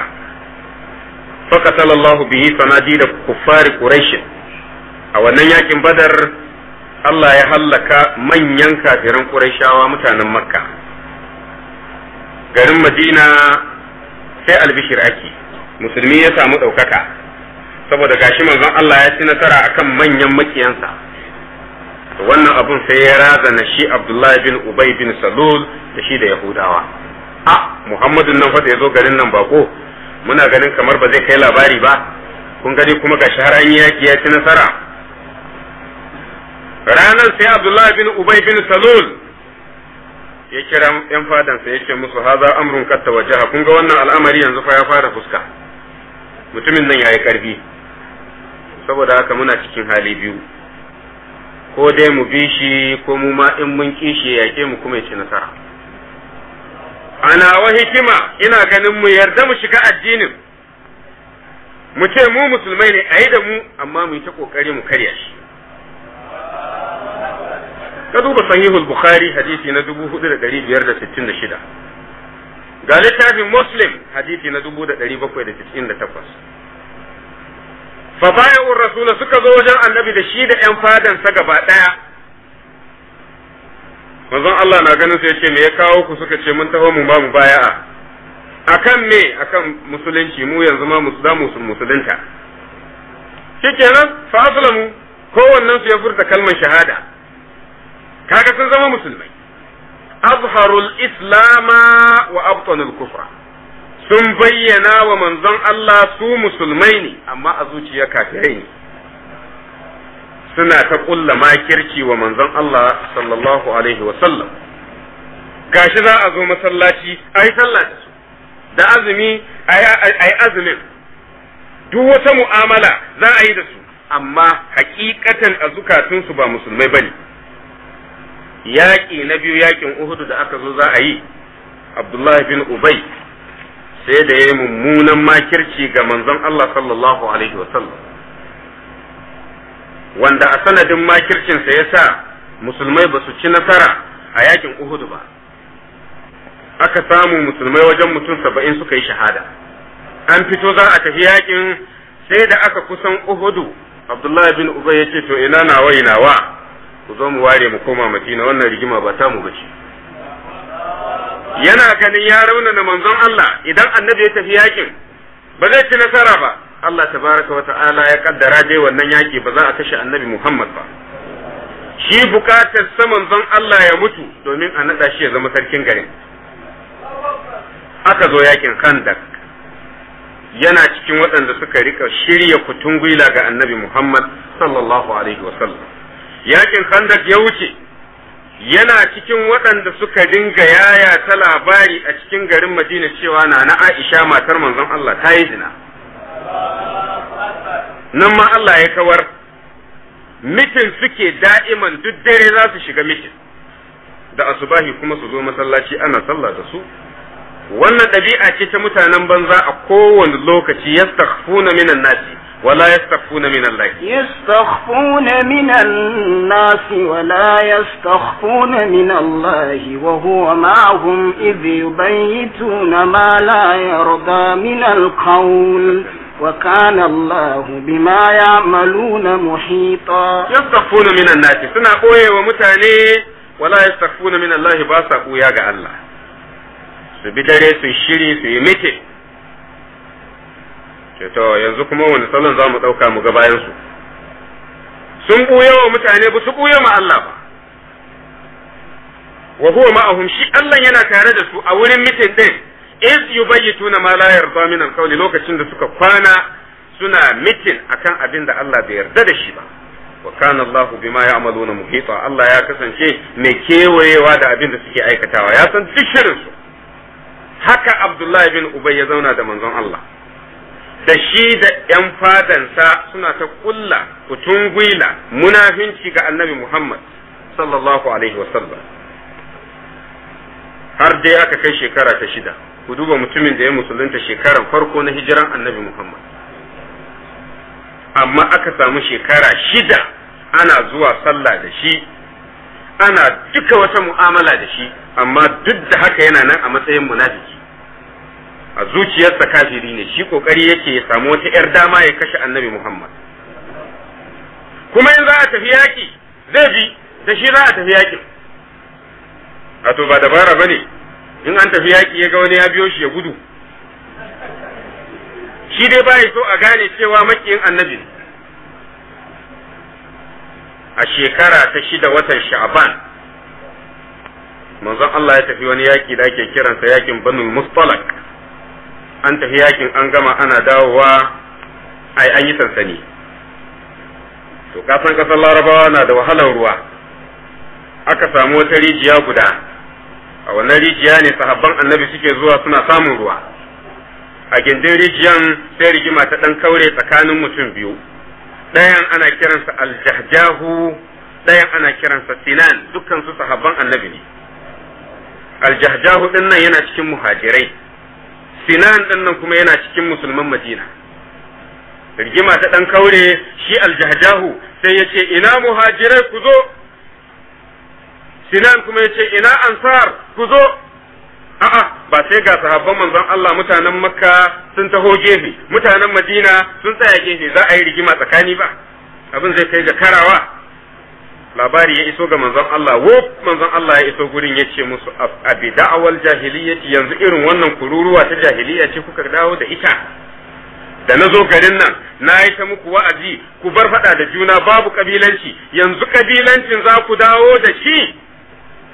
sallallahu bihi sanadi da كفار ƙurashin. a wannan yakin badar Allah ya hallaka manyan kafiran ƙurashawa mutanen makka garin madina sai albishir ake musulmi ya samu ɗaukaka saboda gashi manzon Allah ya ci nasara akan manyan makiyansa wannan abun sai ya razana shi abdullahi bin ubay bin salul da shi da yahudawa a muhammadun nan fa ya zo garin nan bako muna ganin kamar ba zai kai labari ba kun gani kuma ga har an yaki ya ci nasara ranar sai abdullahi bin ubay bin salul ya kira yan fadansa ya ce musu haza amrun katta wajaha kun ga wannan al'amari yanzu fa ya fara fuska mutumin nan ya yi karfi saboda haka muna cikin hali biyu ko dai mu bi shi ko mu ma in mun kishi ya ke mu kuma ci nasara ana wa hikima ina ganin mu yarda mu shiga addinin mu ce mu musulmai ne ayi da mu amma mu yi ta kokari mu karya shi ka duba sahihul bukhari hadisi na 4566 ga littafin muslim hadisi na 1798 fa bai'u rasul suka zo wajen annabi da shi da yan sa gaba daya manzon Allah na ganin sai yake me ya kawo ku suka ce mun taho mu ba mu baya'a akan me akan musulunci mu yanzu ma musulmu musulunta shikenan fa aslamu kowannen su ya furta kalmar shahada kaga sun zama musulmai azharul islama wa abtanul kufra sun bayyana wa manzon Allah su musulmai ne amma a zuciya kafirai ne suna ta ƙulla makirci wa manzon Allah sallallahu alaihi wasallam gashi za a zo masallaci a yi da su da azumi a azumin duk wata mu'amala za a yi da su amma hakikatan a zukatunsu ba musulmai bane yaƙi na biyu yaƙin uhudu da aka zo za a yi abdullahi bin ubay sai da yayi mummunan makirci ga manzon Allah sallallahu alaihi wasallam wanda a sanadin makircinsa ya sa musulmai ba su ci nasara a yakin Uhud ba aka samu musulmai wajen mutum saba'in suka yi shahada an fito za a tafi yakin sai da aka kusan Uhudu Abdullahi bin Ubay ya ce to ina nawa wa? ku zo mu ware mu koma Madina wannan rigima ba ta mu bace yana ganin ya rauna na manzon Allah idan annabi ya tafi yakin ba zai ci nasara ba Allah tabaraka wa ta'ala ya kaddara dai wannan yaki ba za a kashe annabi Muhammad ba shi bukatar sa manzon Allah ya mutu domin a nada shi ya zama sarkin garin aka zo yakin Khandak yana cikin waɗanda suka rika shirya kutun gwila ga annabi Muhammad sallallahu alaihi wa sallam yakin Khandak ya wuce yana cikin waɗanda suka dinga yaya ta labari a cikin garin Madina cewa na na Aisha matar manzon Allah ta yi zina. Nan ma Allah ya kawar, mitin suke da'iman duk dare za su shiga mitin, da asubahi kuma su zo masallaci ana sallah da su. Wannan ɗabi'a ce ta mutanen banza a kowane lokaci ya minan nasi. ولا يستخفون من الله يستخفون من الناس ولا يستخفون من الله وهو معهم إذ يبيتون ما لا يرضى من القول وكان الله بما يعملون محيطا يستخفون من الناس سنة قوية ومتاني ولا يستخفون من الله باسا قوية الله سبدري سيشيري سيمتي ce to yanzu kuma wani salon za mu ɗauka mu ga bayansu sun ɓuya wa mutane ba su ɓuya ma Allah ba wa huwa ma'ahum shi Allah yana tare da su a wurin mitin din iz yubayituna ma la yarda min al lokacin da suka kwana suna mitin akan abin da Allah bai yarda da shi ba wa kana ya bima ya'maluna muhita Allah ya kasance mai kewayewa da abin da suke aikatawa ya san duk shirin su haka Abdullahi bin Ubay ya zauna da manzon Allah da shi da ‘yan fadansa suna ta kulla kutun gwila munafinci ga annabi Muhammad sallallahu Alaihi wasallam har dai aka kai shekara ta shida ku duba mutumin da ya musulunta shekaran farko na hijiran annabi Muhammad amma aka samu shekara shida ana zuwa sallah da shi ana duka wata mu'amala da shi amma duk da haka yana nan a matsayin munafiki a zuciyarsa kafiri ne shi kokari yake ya samu wata yar dama ya kashe annabi Muhammad kuma in za a tafi yaki zai bi da shi za a tafi a to ba dabara bane in an tafi yaki ya ga wani ya biyo shi ya gudu shi dai baya so a gane cewa makiyin annabi a shekara ta shida watan sha'aban manzon Allah ya tafi wani yaki da ake kiransa yakin banul mustalak an tafi yakin an gama ana dawowa ai an yi sansani to kasan kasar larabawa na da wahalar ruwa aka samu wata rijiya guda a wannan rijiya ne sahabban annabi suke zuwa suna samun ruwa a gindin rijiyan sai rigima ta ɗan kaure tsakanin mutum biyu ɗayan ana kiransa aljahjahu ɗayan ana kiransa sinan dukkan su sahabban annabi ne aljahjahu ɗin nan yana cikin muhajirai sinan ɗin nan kuma yana cikin musulman madina rigima ta dan kaure shi aljahjahu sai ya ce ina muhajirai ku zo sinan kuma ya ce ina ansar ku zo a'a ba sai ga sahabban manzon Allah mutanen Makka sun taho gefe mutanen Madina sun tsaya gefe za a yi rigima tsakani ba abin zai kai ga karawa labari ya iso ga manzon Allah wo manzon Allah ya iso gurin ya ce musu a bida'awal jahiliyyati yanzu irin wannan kururuwa ta jahiliya ce kuka dawo da ita da na zo garin nan na yi ta muku wa'azi ku bar faɗa da juna babu kabilanci yanzu kabilancin za ku dawo da shi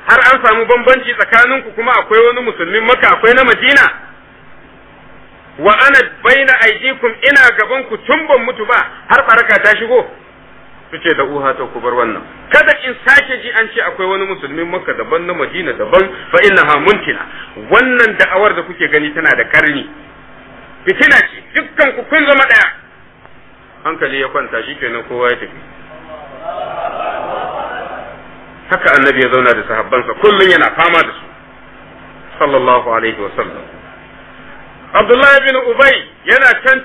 har an samu bambanci tsakaninku kuma akwai wani musulmin maka akwai na madina wa ana baina aidikum ina gaban ku tun ban mutu ba har baraka ta shigo suke da uha ta ku bar wannan kada in sake ji an ce akwai wani musulmin makka daban na madina daban fa innaha muntina wannan da'awar da kuke gani tana da karni fitina ce dukkan ku kun zama daya hankali ya kwanta shikenan kowa ya tafi haka annabi ya zauna da sahabbansa kullum yana fama da su sallallahu alaihi wasallam abdullahi bin ubay yana can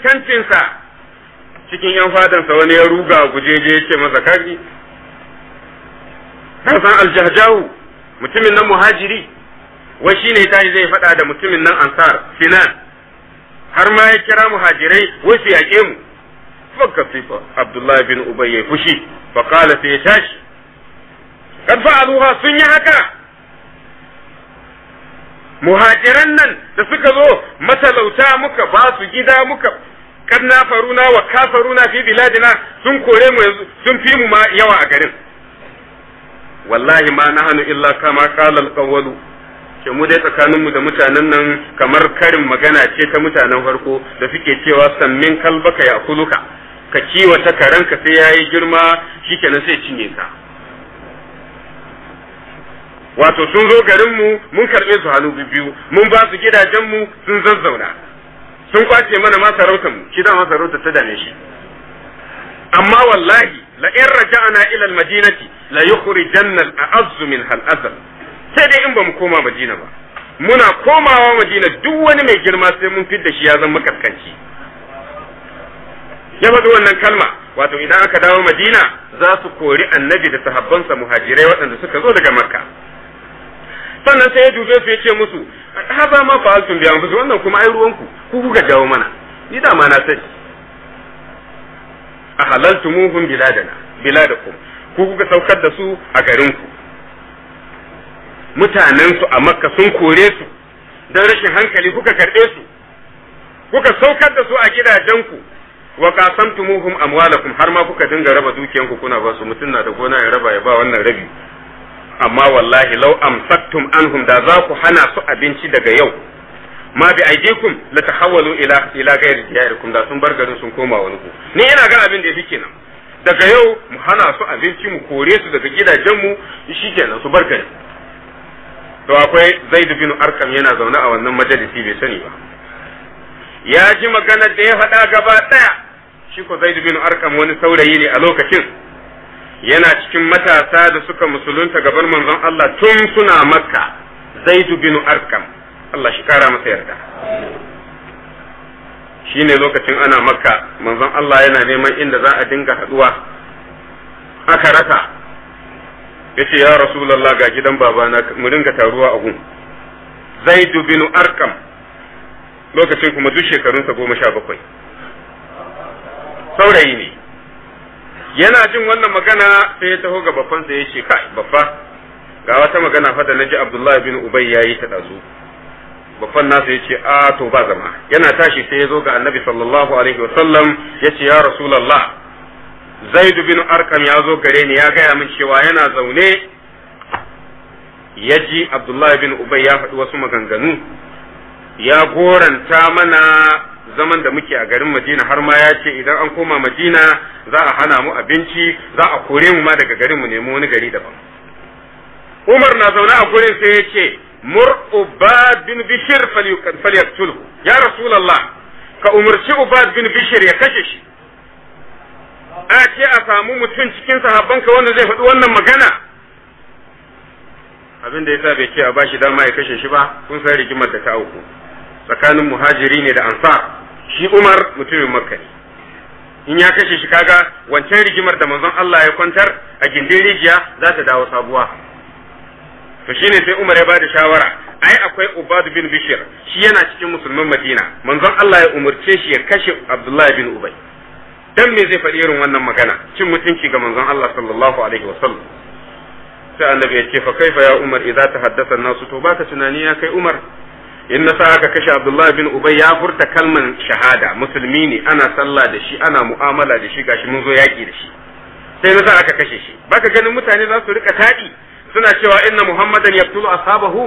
cikin yan fadansa wani ya ruga gujeje ya ce masa kagi ka san aljahjahu mutumin nan muhajiri wai shine tashi zai faɗa da mutumin nan ansar sinan har ma ya kira muhajirai wai su yaƙe mu fakka sifa abdullahi bin ubay ya fushi fa qala sai ya tashi kad fa'aluha sun yi haka muhajiran nan da suka zo matalauta muka ba su gida muka kad faruna wa kafaruna fi biladina sun kore mu yanzu sun fi mu ma yawa a garin wallahi ma na hannu illa kama qala kawalu ke mu dai tsakanin mu da mutanen nan kamar karin magana ce ta mutanen farko da suke cewa sammin kalbaka ya kuluka ka kiwata karanka sai yayi girma shikenan sai cinye ka wato sun zo garinmu mun karɓi su hannu biyu mun ba su mu sun zazzauna sun kwace mana ma sarautar mu shi dama sarautar ta dame shi amma wallahi la in raja'na ila al-madinati la yukhrijanna al-a'azzu min hal azal sai dai in ba mu koma madina ba muna komawa madina duk wani mai girma sai mun fidda shi ya zama kaskanci ya faɗi wannan kalma wato idan aka dawo madina za su kori annabi da sahabbansa muhajirai waɗanda suka zo daga makka sannan sai ya dube su ya ce musu haza ma fa altum biya musu wannan kuma ai ruwanku ku kuka jawo mana ni da ma na sani a halaltumuhum biladana biladakum ku kuka saukar da su a garinku mutanen su a makka sun kore su dan rashin hankali kuka karbe su kuka saukar da su a gidajenku wa qasamtumuhum amwalakum har ma kuka dinga raba dukiyanku kuna ba su mutum na da gona ya raba ya ba wannan rabi amma wallahi law amsaktum anhum da za ku hana su abinci daga yau ma bi aidikum la tahawalu ila ila ghairi diyarikum da sun bar garin sun koma wani ku ni ina ga abin da yake nan daga yau mu hana su abinci mu kore su daga gidajen mu shikenan su bar gari to akwai zaid bin arkam yana zaune a wannan majalisi bai sani ba ya ji magana da ya faɗa gaba ɗaya shi ko zaid bin arkam wani saurayi ne a lokacin yana cikin matasa da suka musulunta gaban manzon Allah tun suna makka zaidu bin arkam Allah shi kara masa yarda shine lokacin ana makka manzon Allah yana neman inda za a dinga haduwa aka rasa yace ya rasulullah ga gidan babana mu dinga taruwa a gun zaidu bin arkam lokacin kuma duk shekarunsa goma sha bakwai saurayi ne yana jin wannan magana sai ya taho ga babbansa ya ce kai babba ga wata magana fa da naji Abdullahi bin Ubay yayi ta dazu babban nasa ya a to ba zama yana tashi sai ya zo ga Annabi sallallahu alaihi wasallam ya ya Rasulullah Zaid bin Arkam ya zo gare ni ya gaya min cewa yana zaune ya ji Abdullahi bin Ubay ya faɗi wasu maganganu ya goranta mana zaman da muke a garin Madina har ma ya ce idan an koma Madina za a hana mu abinci za a kore mu ma daga garin mu nemo wani gari daban Umar na zaune a gurin sai ya ce mur Ubad bin Bishir falyaqtulhu ya Rasulullah ka umarci Ubad bin Bishir ya kashe shi a ce a samu mutum cikin sahabbanka wanda zai faɗi wannan magana abin da yasa bai ce a bashi dama ya kashe shi ba kun san rigimar da ta auku tsakanin muhajiri ne da ansar shi umar mutumin makka ne in ya kashe shi kaga wancan rigimar da manzon Allah ya kwantar a gindin rijiya za ta dawo sabuwa to shine sai Umar ya bada shawara ai akwai Ubad bin Bishir shi yana cikin musulman Madina manzon Allah ya umarce shi ya kashe Abdullahi bin Ubay dan me zai faɗi irin wannan magana cin mutunci ga manzon Allah sallallahu alaihi wasallam sai annabi ya ce fa kaifa ya Umar idza tahaddatha an-nasu to baka tunani ya kai Umar in na sa aka kashe abdullahi bin ubay ya furta kalman shahada musulmi ne ana sallah da shi ana mu'amala da shi gashi mun zo yaƙi da shi sai na sa aka kashe shi baka ganin mutane za su rika taɗi suna cewa inna muhammadan yaqtulu ashabahu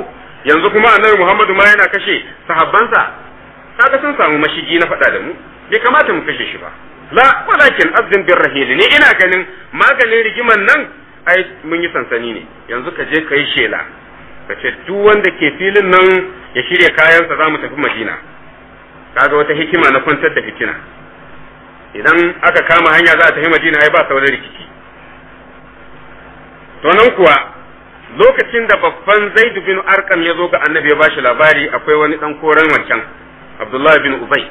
yanzu kuma annabi muhammadu ma yana kashe sahabbansa kaga sun samu mashigi na faɗa da mu bai kamata mu kashe shi ba la walakin azin bin rahil ne ina ganin maganin rigiman nan ai mun yi sansani ne yanzu ka je ka shela ka ce duk wanda ke filin nan ya shirya kayansa za mu tafi madina kaga wata hikima na kwantar da fitina idan aka kama hanya za a tafi madina ai ba sauran rikici to nan kuwa lokacin da babban zaidu bin arkam ya zo ga annabi ya bashi labari akwai wani dan koren wancan abdullahi bin ubay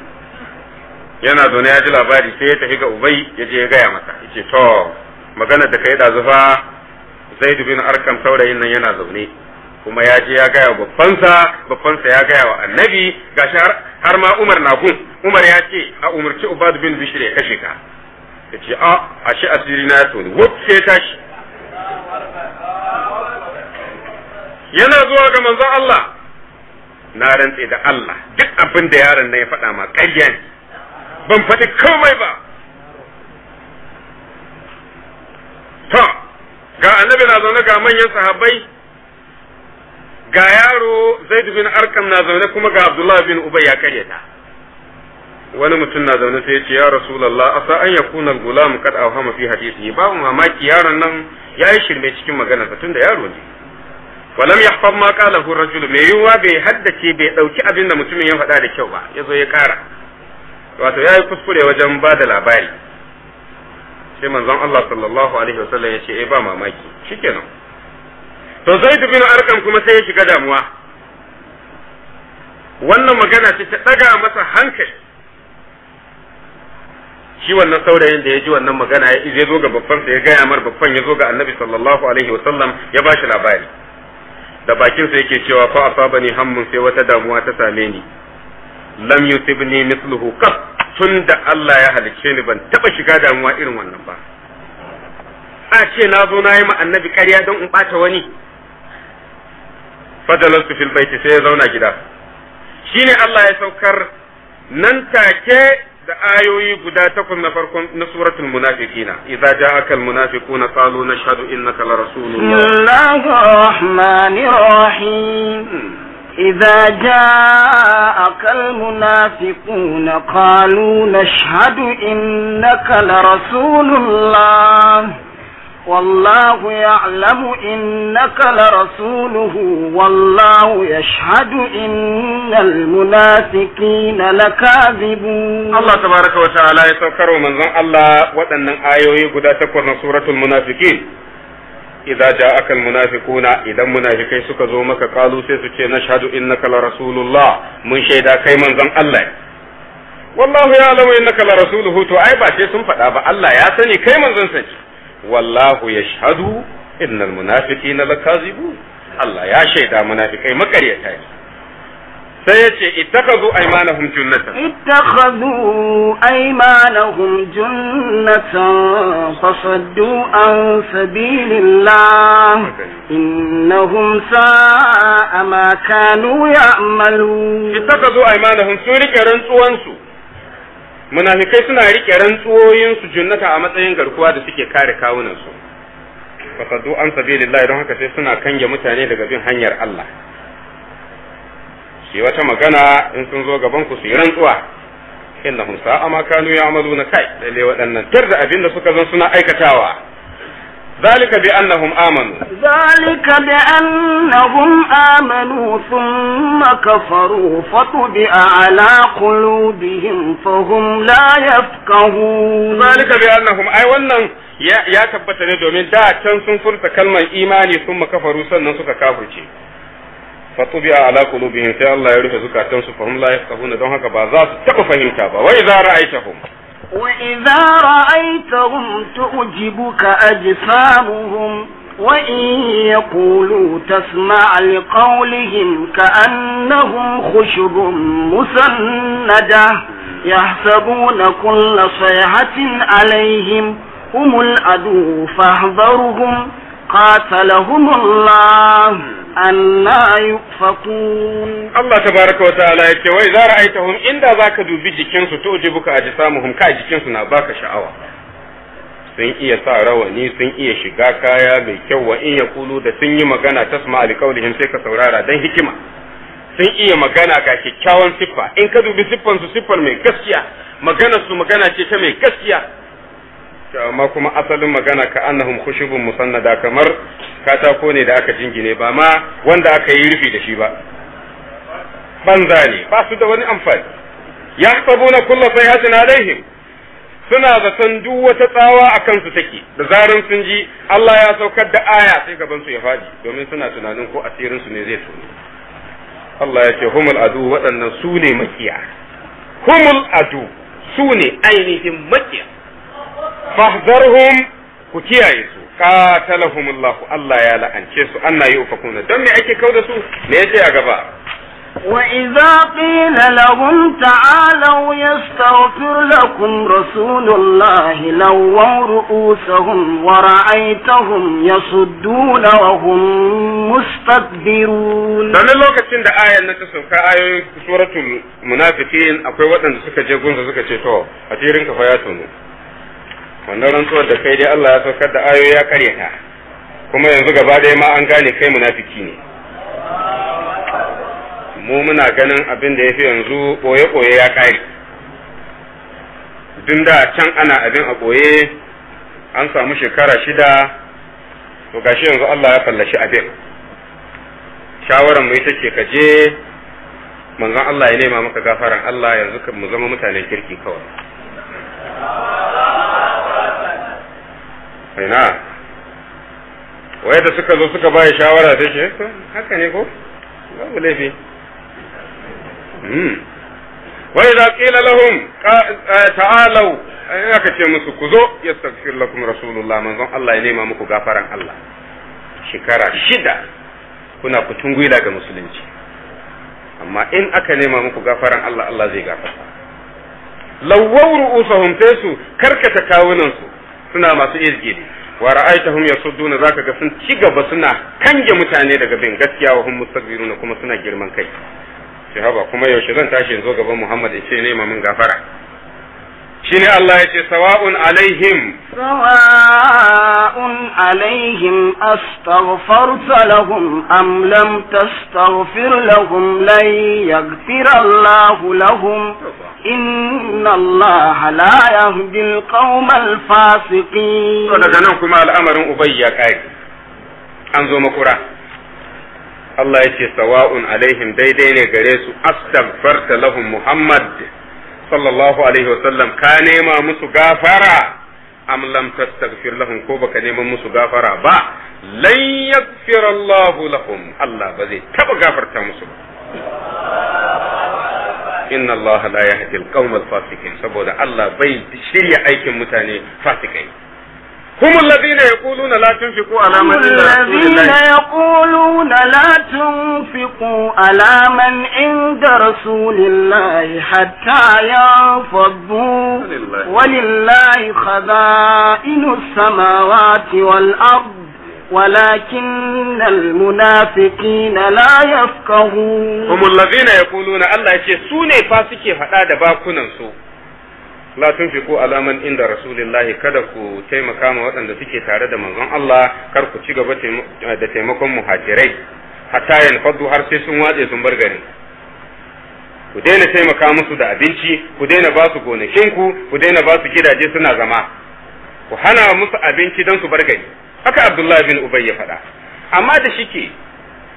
yana zaune ya ji labari sai ya tafi ga ubay ya je ya gaya masa yace to magana da kai da zufa zaidu bin arkam saurayin nan yana zaune kuma ya je ya gaya wa babbansa babbansa ya gaya wa annabi gashi har ma Umar na gun Umar ya ce a umarci Ubad bin Bishr ya kashe ka yace a ah, ashe asiri na to wut tashi yana zuwa ga manzon Allah na rantse da Allah duk abin da yaron nan ya faɗa ma ƙarya ne ban faɗi komai ba to ga annabi na zaune ga manyan sahabbai ga yaro zaid bin arkam na zaune kuma ga abdullah bin ubay ya karyata wani mutum na zaune sai ya ce ya rasulullah asa an yakuna al-gulam qad awhama fi hadithi babu mamaki yaron nan yayi shirme cikin maganar sa tunda yaro ne walam yahfam ma qala hu rajul mai yuwa bai haddace bai dauki abin da mutumin ya faɗa da kyau ba yazo ya kara wato yayi kuskure wajen ba da labari sai manzon Allah sallallahu alaihi wasallam ya ce eh ba mamaki shikenan to dubi bin arkan kuma sai ya shiga damuwa wannan magana ce ta daga masa hankali shi wannan saurayin da ya ji wannan magana ya zo ga babban sa ya gaya mar babban ya zo ga annabi sallallahu alaihi wasallam ya shi labari da bakin sa yake cewa fa asabani hammun sai wata damuwa ta same ni lam yusibni mithluhu qat tun da Allah ya halicce ni ban taba shiga damuwa irin wannan ba a ce na zo na yi ma annabi ƙarya don in ɓata wani fajalastu fil baiti sai ya zauna gida shine Allah ya saukar nan take da ayoyi guda takwas na farkon na suratul munafiqina idza ja'aka al munafiquna qalu nashhadu innaka la rasulullah إذا جاءك المنافقون قالوا نشهد إنك لرسول الله والله يعلم إنك لرسوله والله يشهد إن المنافقين لكاذبون الله تبارك وتعالى يتذكر من ذن الله وأن آيوه قد تكون سورة المنافقين إذا جاءك المنافقون إذا منافقين سكزومك قالوا سيسوكي نشهد إنك لرسول الله من شهد كي من ذن الله والله يعلم إنك لرسوله تو أي باشي سنفتا الله يا سني كي من ذن سنجي والله يشهد ان المنافقين لكاذبون الله يا شيطان منافقين ما قريتها سيأتي اتخذوا أيمانهم جنة اتخذوا أيمانهم جنة فصدوا عن سبيل الله إنهم ساء ما كانوا يعملون اتخذوا أيمانهم سوري كرنسوا وانسوا munafikai suna rike su junnata a matsayin garkuwa da suke kare kawunansu fasaddu an sabilillahi don haka sai suna kange mutane daga bin hanyar Allah shi wata magana in sun zo gaban ku su yi rantsuwa innahum sa'a ma kanu ya'maluna kai lalle waɗannan tar da abin suka zan suna aikatawa ذلك بأنهم آمنوا ذلك بأنهم آمنوا ثم كفروا فطبع على قلوبهم فهم لا يفقهون ذلك بأنهم أي wannan ya ya tabbata ne domin da can sun furta kalmar imani sun makafaru sannan suka kafirce fatubi ala qulubihim sai Allah ya rufe zukatansu fahum la yafqahuna don haka ba za su taɓa fahimta ba wai za ra'aytahum وإذا رأيتهم تعجبك أجسامهم وإن يقولوا تسمع لقولهم كأنهم خشب مسندة يحسبون كل صيحة عليهم هم العدو فاحذرهم قاتلهم الله Allah ta baraka tabaraka wa ta'ala ce, wai za ra'aitahum inda zaka dubi jikin su to samu ajsamuhum ka jikin su na baka sha'awa sun iya sa rawani sun iya shiga kaya mai kyau wa in ya kulu, da sun yi magana tasma alqaulihim sai ka saurara dan hikima sun iya magana ga kyakkyawan siffa in ka dubi siffan siffar mai gaskiya magana su magana ce ta mai gaskiya amma kuma asalin magana ka annahum khushubun musannada kamar katako ne da aka jingine ba ma wanda aka yi rufi da shi ba banza ne ba su da wani amfani yahsabuna kullu sayhatin alaihim suna zaton duk wata tsawa a kansu take da zarin sun ji Allah ya saukar da aya sai gaban su ya faɗi domin suna tunanin ko asirin su ne zai so Allah ya ce humul adu waɗannan su ne makiya humul adu su ne ainihin makiya fahdarhum ku kiyaye su qatalahumullah Allah Allah ya la'ance su anna yufakuna don me ake kauda su me yake a gaba qila lahum ta'alu yastaghfir lakum لكم law الله wa رؤوسهم yasudduna wa hum مستكبرون dan lokacin da ayan nan ta sauka ayoyin suratul munafiqin akwai waɗanda suka je gunsa suka ce to a ka fa ya tunu wannan rantsuwar da kai dai Allah ya saukar da ayoyi ya karya ta kuma yanzu gaba ɗaya ma an gane kai munafiki ne mu muna ganin abin da yafi yanzu ɓoye-ɓoye ya ƙare duk da can ana abin a boye an samu shekara shida to gashi yanzu Allah ya fallashi abin shawaran mu ita ce ka je manzon Allah ya nema maka gafaran Allah yanzu mu zama mutanen kirki kawai ina wai da suka zo suka baya shawara eh, ta ce haka ne ko babu laifi hmm. wai da kila lahum eh, ta'alu eh, aka ce musu ku zo yastaghfir lakum rasulullah manzon Allah ya nema muku gafaran Allah shekara shida kuna kutungwila ga musulunci amma in aka nema muku gafaran Allah Allah zai gafarta lawwaru usahum fesu karkata kawunan su suna masu izgili wa ra'aytahum yasudduna zaka ga sun ci gaba suna kange mutane daga bin gaskiya wa hum mustaqbiruna kuma suna girman kai shi haba kuma yaushe zan tashi in zo gaban Muhammad in ce ne mamun gafara shine Allah yace sawa'un alaihim sawa'un alaihim astaghfarta lahum am lam tastaghfir lahum lan yaghfir Allah lahum inna Allah la yahdi al-qawm to daga nan kuma al'amarin ubay ya kai an zo makura Allah yace sawa'un alaihim daidai ne gare su astaghfarta lahum Muhammad sallallahu alaihi wasallam ka nema musu gafara am lam tastaghfir lahum ko baka neman musu gafara ba lan yaghfir Allah lahum Allah ba zai taba gafarta musu ba inna Allah la yahdi al-qawm al-fasiqin saboda Allah bai shirya aikin mutane fasikai هم الذين يقولون لا تنفقوا على من عند رسول الله الذين يقولون لا تنفقوا على من عند رسول الله حتى ينفضوا ولله, ولله خزائن السماوات والأرض ولكن المنافقين لا يفقهون هم الذين يقولون الله يشي سوني فاسكي فتا دباكنا سوء la tunfiqu ko alaman inda rasulullahi kada ku taimaka ma waɗanda suke tare da manzon Allah kar ku ci gaba da taimakon muhajirai hatta fadu har sai sun watse sun bar gari ku daina taimaka musu da abinci ku daina ba su gonakinku ku daina ba su gidaje suna zama ku hana musu abinci don su bar gari haka Abdullahi bin Ubay ya faɗa amma da shike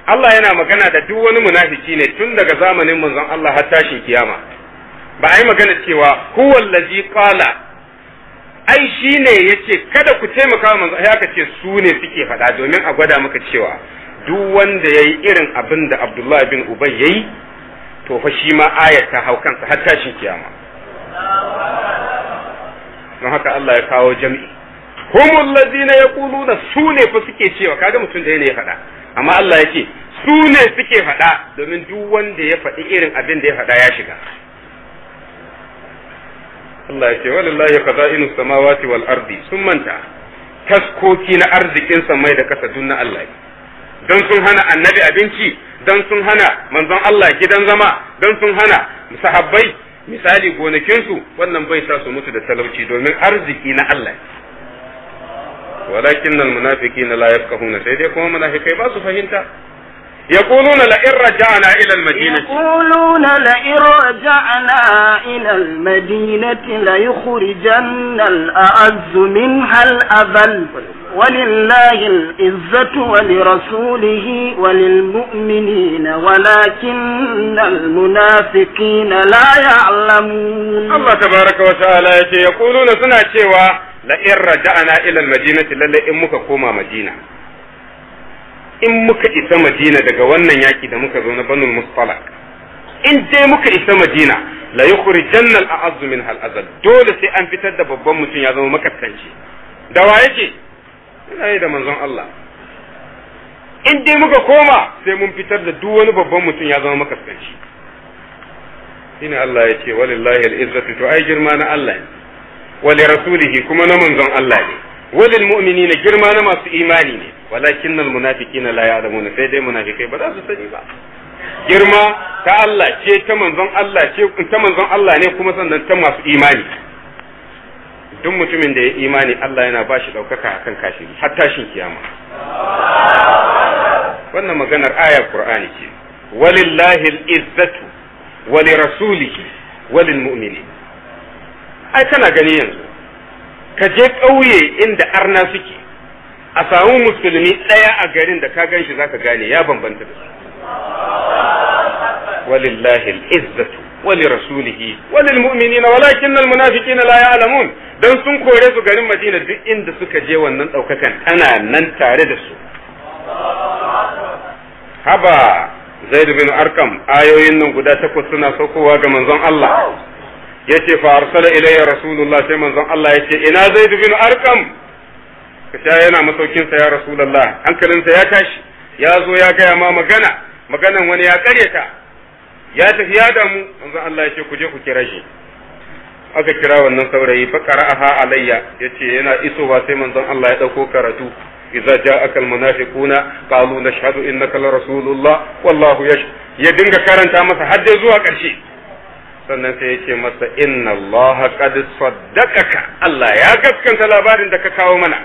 Allah yana magana da duk wani munafiki ne tun daga zamanin manzon Allah har tashin kiyama ba a yi magana cewa ladhi qala ai shine yace kada ku taimaka wa manzo aka ce su ne suke faɗa domin a gwada maka cewa duk wanda ya yi irin abin da Abdullah bin ubay ya to fa shi ma ayata ta hau kansa har tashin kiyama don haka Allah ya kawo jami'i humul ladina yaquluna su ne fa suke cewa kaga mutum da ne ya faɗa amma Allah ya ce su ne suke faɗa domin duk wanda ya faɗi irin abin da ya faɗa ya shiga Allah ya ce walillahi khaza'inus samawati wal ardi sun manta taskoki na arzikin samai da kasa dunna na Allah dan sun hana annabi abinci dan sun hana manzon Allah gidan zama dan sun hana sahabbai misali gonakinsu wannan bai sa su mutu da talauci domin arziki na Allah walakin nan munafiki na la yafqahuna sai dai kuma munafikai ba su fahimta يقولون لئن رجعنا إلى المدينة يقولون لئن رجعنا إلى المدينة ليخرجن الأعز منها الأذل ولله العزة ولرسوله وللمؤمنين ولكن المنافقين لا يعلمون الله تبارك وتعالى يقولون سنة شيوا لئن رجعنا إلى المدينة للئن مكا كوما مدينة in muka isa madina daga wannan yaki da muka zo na banul mustalak in dai muka isa madina la yukhrijanna al-a'azzu min hal azal dole sai an fitar da babban mutum ya zama makaskanci da wa yake ina da manzon Allah in dai muka koma sai mun fitar da duk wani babban mutum ya zama makaskanci ina Allah ya ce walillahi al-izzatu to ai girma na Allah ne wa li rasulihi kuma na manzon Allah ne mumini ne girma na masu imani ne walakin nan na laya da ya'lamuna sai dai munafikai ba za su sani ba girma ta Allah ce ta manzon Allah ce ta manzon Allah ne kuma sannan ta masu imani duk mutumin da ya imani Allah yana ba shi ɗaukaka akan kashi har tashin kiyama wannan maganar ayar Qur'ani ce walillahi al-izzatu wa lirasulihi wa ai kana gani yanzu ka je ƙauye inda arna suke a samu musulmi ɗaya a garin da ka gan shi zaka gane ya bambanta da su walillahi al'izzatu wali rasulihi walil mu'minina walakin al munafiqina la ya'lamun dan sun kore su garin Madina duk inda suka je wannan daukakan tana nan tare da su haba zaid bin arkam ayoyin nan guda takwas suna saukowa ga manzon Allah yace fa arsala ilayya rasulullah sai manzon Allah ya ce ina zaid bin arqam kasha yana masaukin sa ya rasulullah hankalinsa ya tashi ya zo ya gaya ma magana maganan wani ya karyata ya tafi ya damu manzon Allah yace ku je ku kira shi aka kira wannan saurayi fa qara'aha alayya yace yana isowa sai manzon Allah ya dauko karatu idza ja'aka almunafiquna qalu nashhadu innaka la rasulullah wallahu yash ya dinga karanta masa har zuwa karshe sannan sai yake masa inna Allah qad saddaqaka Allah ya gaskanta labarin da ka kawo mana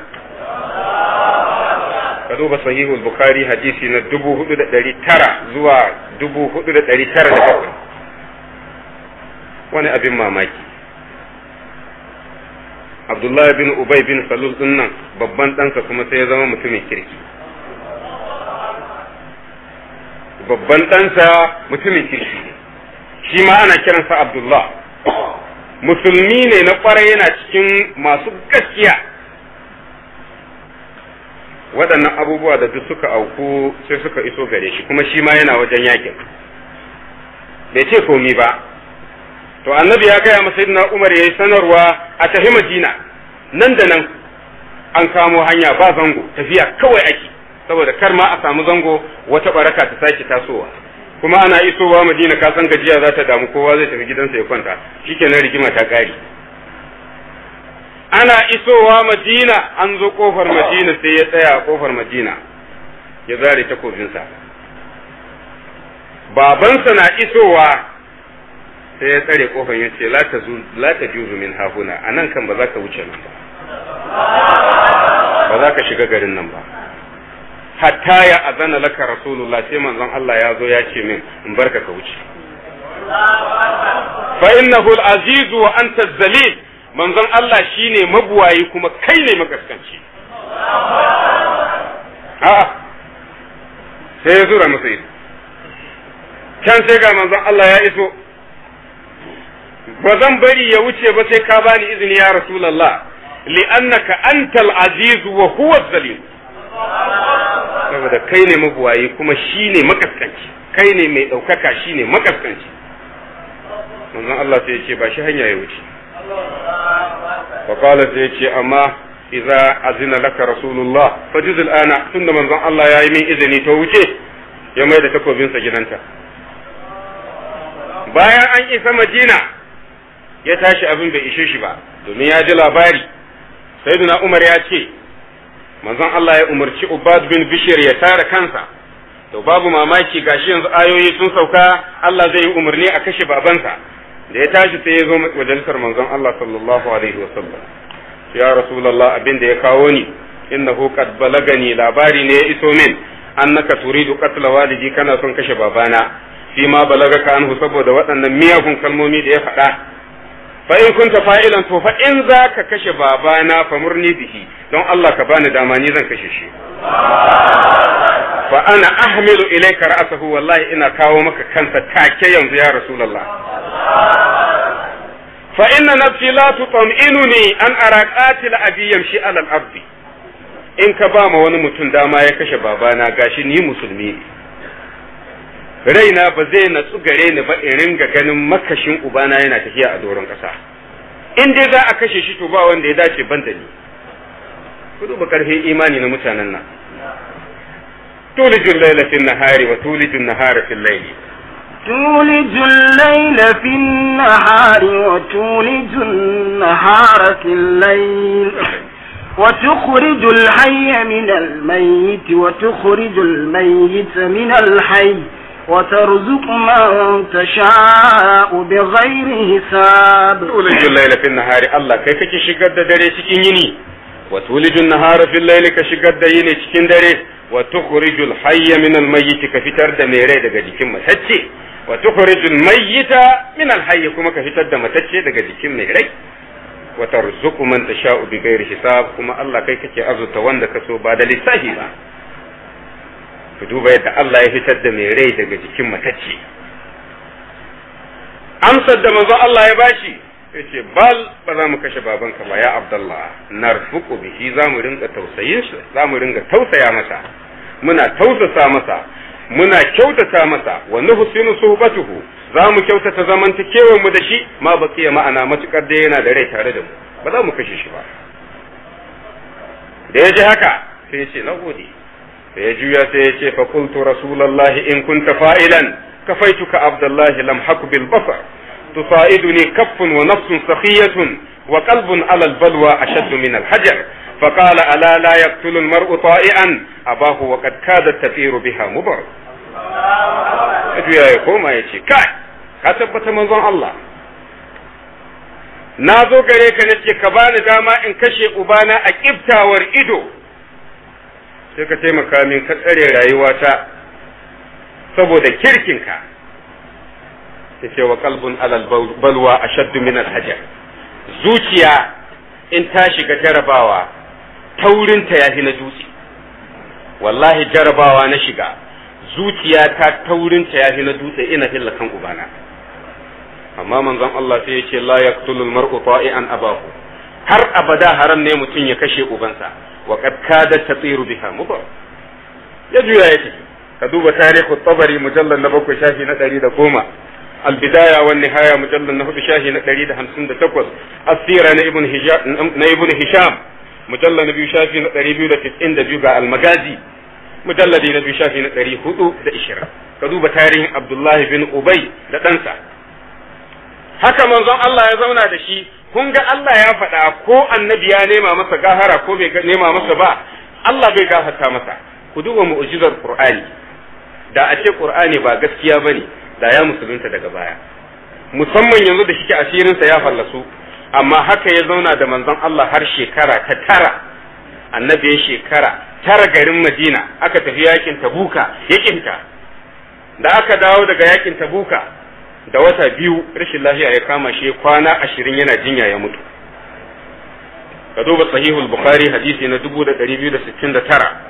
ka duba sahihul bukhari hadisi na 4900 zuwa 4907 wani abin mamaki Abdullah bin Ubay bin Salul din nan babban ɗansa kuma sai ya zama mutumin kirki babban ɗansa mutumin kirki shi ma ana kiransa Abdullah musulmi ne na kwarai yana cikin masu gaskiya waɗannan abubuwa da duk suka auku sai suka iso gare shi kuma shi ma yana wajen yakin bai ce komi ba to annabi ya gaya masa na umar ya yi sanarwa a tafi madina nan da nan an kamo hanya ba zango tafiya kawai ake saboda kar ma a samu zango wata baraka ta sake tasowa kuma ana isowa madina ka san gajiya za ta damu kowa zai tafi gidansa ya kwanta shi shikenan rigima ta kare ana isowa madina an zo kofar madina sai ya tsaya a kofar madina ya zare takobinsa babansa na isowa sai ya tsare kofar ya ce la ta juzu min hahuna a nan kan ba za ka wuce nan ba ba za ka shiga garin nan ba hatta ya azana laka rasulullah sai manzon Allah ya zo ya ce min in barka ka wuce fa innahu al-azizu wa anta zalil manzon Allah shine mabuwayi kuma kai ne makaskanci a'a sai ya zura masa ido can sai ga manzon Allah ya iso ba zan bari ya wuce ba sai ka bani izini ya rasulullah li'annaka antal azizu wa huwa zalim saboda kai ne mabuwayi kuma shi ne makaskanci kai ne mai ɗaukaka shi ne makaskanci wannan Allah sai ce ba shi hanya ya wuce faƙala sai ce amma iza azina laka rasulullah fajiz al'ana da manzon Allah ya yi min izini to wuce ya mai da takobinsa gidanta bayan an isa madina ya tashi abin bai ishe shi ba domin ya ji labari sai umar ya ce manzon Allah ya umarci Ubad bin Bishir ya tara kansa to babu mamaki gashi yanzu ayoyi sun sauka Allah zai yi umarni a kashe babansa da ya tashi sai ya zo majalisar manzon Allah sallallahu alaihi wasallam ya rasulullah abin da ya kawo ni innahu qad balagani labari ne ya iso min annaka turidu qatla walidi kana son kashe babana fi ma balagaka anhu saboda waɗannan miyagun kalmomi da ya faɗa fa in kunta fa'ilan to fa in zaka kashe babana fa murni bihi don Allah ka bani dama ni zan kashe shi fa ana ahmilu ilayka ra'sahu wallahi ina kawo maka kansa take yanzu ya rasulullah fa inna nafsi la tutma'inuni an ara qatil abi yamshi ala al-ardi in ka ba ma wani mutum dama ya kashe babana gashi ni musulmi ne raina ba zai natsu gare ni ba in ringa ganin makashin ubana yana tafiya a doron ƙasa in dai za a kashe shi to ba wanda ya dace ban da ni ku duba karfin imani na mutanen nan tulijin lailatin nahari wa tulijin nahari fil laili laila الليل nahari wa وتولج nahari في الليل وتخرج الحي من الميت وتخرج الميت من الحي وترزق من تشاء بغير حساب تولج الليل في النهار الله كيف كشقد دري cikin yini وتولج النهار في الليل كشقد yini cikin dare وتخرج الحي من الميت كفتر da mere daga jikin matacce وتخرج الميت من الحي kuma ka fitar da matacce daga jikin mai rai وترزق من تشاء بغير حساب kuma Allah kai kake azurta wanda kaso ba da lissafi ba ku duba yadda Allah ya fitar da mai rai daga jikin matacce amsar da manzo Allah ya bashi ya ce bal ba za mu kashe babanka ba ya Abdullah narfuku bihi za mu ringa tausayin shi za mu ringa tausaya masa muna tausasa masa muna kyautata masa wa nuhsinu suhbatuhu za mu kyautata zamantakewar mu da shi ma baqiya ma'ana matukar da yana da rai tare da mu ba za mu kashe shi ba da ya ji haka sai ya ce na gode da ya juya sai ya ce fa kuntu rasulullahi in kunta fa'ilan kafaituka abdullahi lam haku bil basar tusaiduni kaffun wa nafsun sakhiyatun wa qalbun ala al balwa ashaddu min al hajar فقال ألا لا يقتل المرء طائعا أباه وقد كادت تثير بها مبر ya koma ya ce kai ka tabbata manzon Allah na zo gare ka nace ka bani dama in kashe ubana a kiftawar ido sai ka taimaka min ka tsare rayuwata saboda kirkin ka ce wa kalbun alal balwa a min hajar. zuciya in ta shiga jarabawa taurinta ya fi na dutse wallahi jarabawa na shiga zuciya ta taurinta ya fi na dutse ina hillakan ubana amma manzon Allah sai ya ce la yaqtulul mar'u an abahu har abada haram ne mutum ya kashe ubansa wa da ta tatiru biha mudu ya juya ka duba tarikh at-tabari mujallal nihaya mujallal na hudu duba tarihin abdullahi bin ubay da ɗansa haka manzon Allah ya zauna da shi kun ga Allah ya faɗa ko annabi ya nema masa gahara ko bai nema masa ba Allah bai gafarta masa ku duba mu'jizar Qur'ani da a ce Qur'ani ba gaskiya bane da ya musulunta daga baya musamman yanzu da shike sa ya fallasu amma haka ya zauna da manzon Allah har shekara ta tara annabi ya shekara tara garin Madina aka tafi yakin Tabuka ya kinta da aka dawo daga yakin Tabuka da wata biyu rashin lafiya ya kama shi kwana ashirin yana jinya ya mutu ka duba sahihul bukhari hadisi na dubu da ɗari biyu da sittin da tara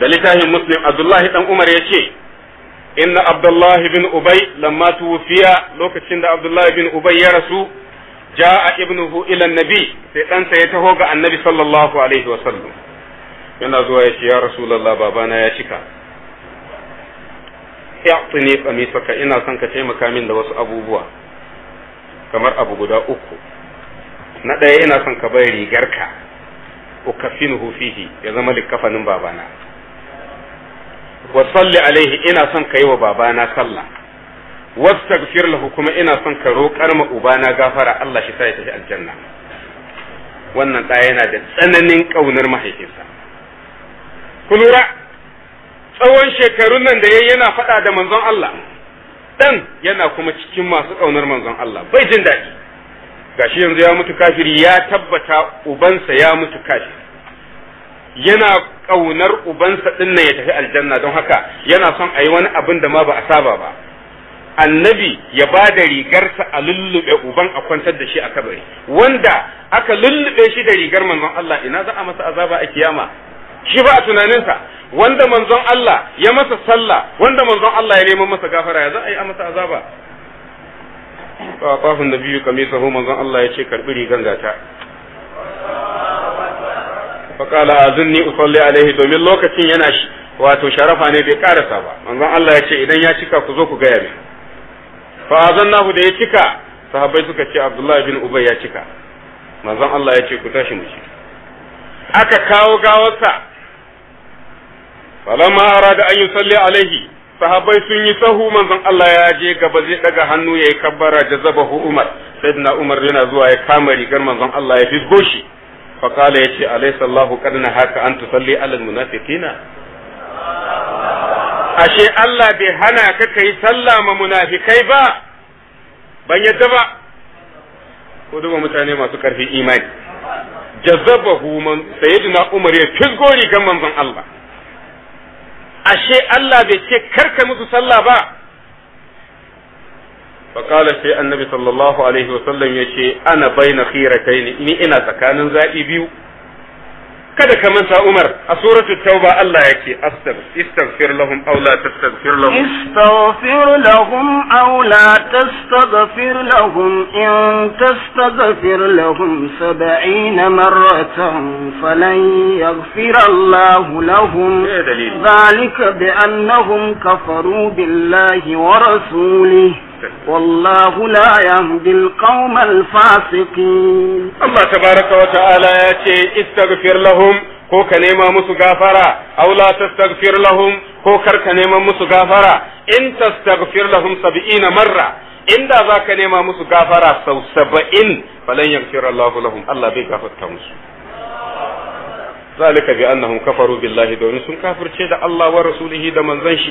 da littafin muslim abdullahi dan umar ya ce inna abdullahi bin ubai lamma tuwufiya lokacin da abdullahi bin ubai ya rasu ja'a ibnuhu ila nabi sai ɗansa ya taho ga annabi sallallahu alaihi wa sallam yana zuwa ya ce ya lalla babana ya cika i'tini qamisaka ina son ka taimaka min da wasu abubuwa kamar abu guda uku na ɗaya ina son ka bai rigarka ukaffinuhu fihi ya zama likkafanin babana wa salli alaihi ina son ka yi wa babana sallah wastaghfir lahu kuma ina son ka roƙar ma ubana gafara Allah shi sa ya tafi aljanna wannan ɗaya yana da tsananin ƙaunar mahaifinsa ku lura tsawon shekarun nan da yayi yana faɗa da manzon Allah dan yana kuma cikin masu ƙaunar manzon Allah bai jin daɗi gashi yanzu ya mutu kafiri ya tabbata ubansa ya mutu kafiri yana ƙaunar ubansa ɗin nan ya tafi aljanna don haka yana son a yi wani abin da ma ba a saba ba annabi ya ba da rigarsa a lullube uban a kwantar da shi a kabari wanda aka lullube shi da rigar manzon Allah ina za a masa azaba a kiyama shi ba a tunaninsa wanda manzon Allah ya masa sallah wanda manzon Allah ya neman masa gafara ya za a yi a masa azaba A fafin da biyu kamar ho manzon Allah ya ce karbi rigan gata fa qala azinni usalli alaihi domin lokacin yana wato sharafa ne bai karasa ba manzon Allah ya ce idan ya cika ku zo ku gaya min fa azannahu da ya cika sahabbai suka ce Abdullahi bin Ubay ya cika manzon Allah ya ce ku tashi mu aka kawo gawarsa falamma arada an yusalli alaihi sahabbai sun yi sahu manzon Allah ya je gaba zai daga hannu yayi kabbara jazabahu Umar sayyidina Umar yana zuwa ya kama rigar manzon Allah ya fisgo shi fa kala yace alaysa Allahu qad nahaka an tusalli alal munafiqina ashe Allah bai hana ka kai sallah ma munafikai ba ban yadda ba ko duba mutane masu karfi imani jazabahu man sayyidina Umar ya fisgo rigar manzon Allah ashe Allah bai ce karka musu sallah ba فقال sai annabi sallallahu alaihi wasallam bai يشي أنا بين ni ina tsakanin zaɓi biyu. kada ka manta Umar a suratul Tauba Allah yake astaghfir lahum aw la tastaghfir lahum istaghfir lahum aw la tastaghfir lahum in tastaghfir lahum 70 marratan falan yaghfir Allah lahum dhalika bi annahum kafaru billahi wa rasulihi والله لا يهدي القوم الفاسقين الله تبارك وتعالى يأتي استغفر لهم ko ka nema musu gafara aw la tastaghfir lahum ko kar ka nema musu gafara in tastaghfir lahum 70 marra inda ka nema musu gafara sau 70 falan yaghfir Allah lahum Allah bai gafarta musu zalika bi annahum kafaru billahi domin sun kafirce da Allah wa rasulihi da manzon shi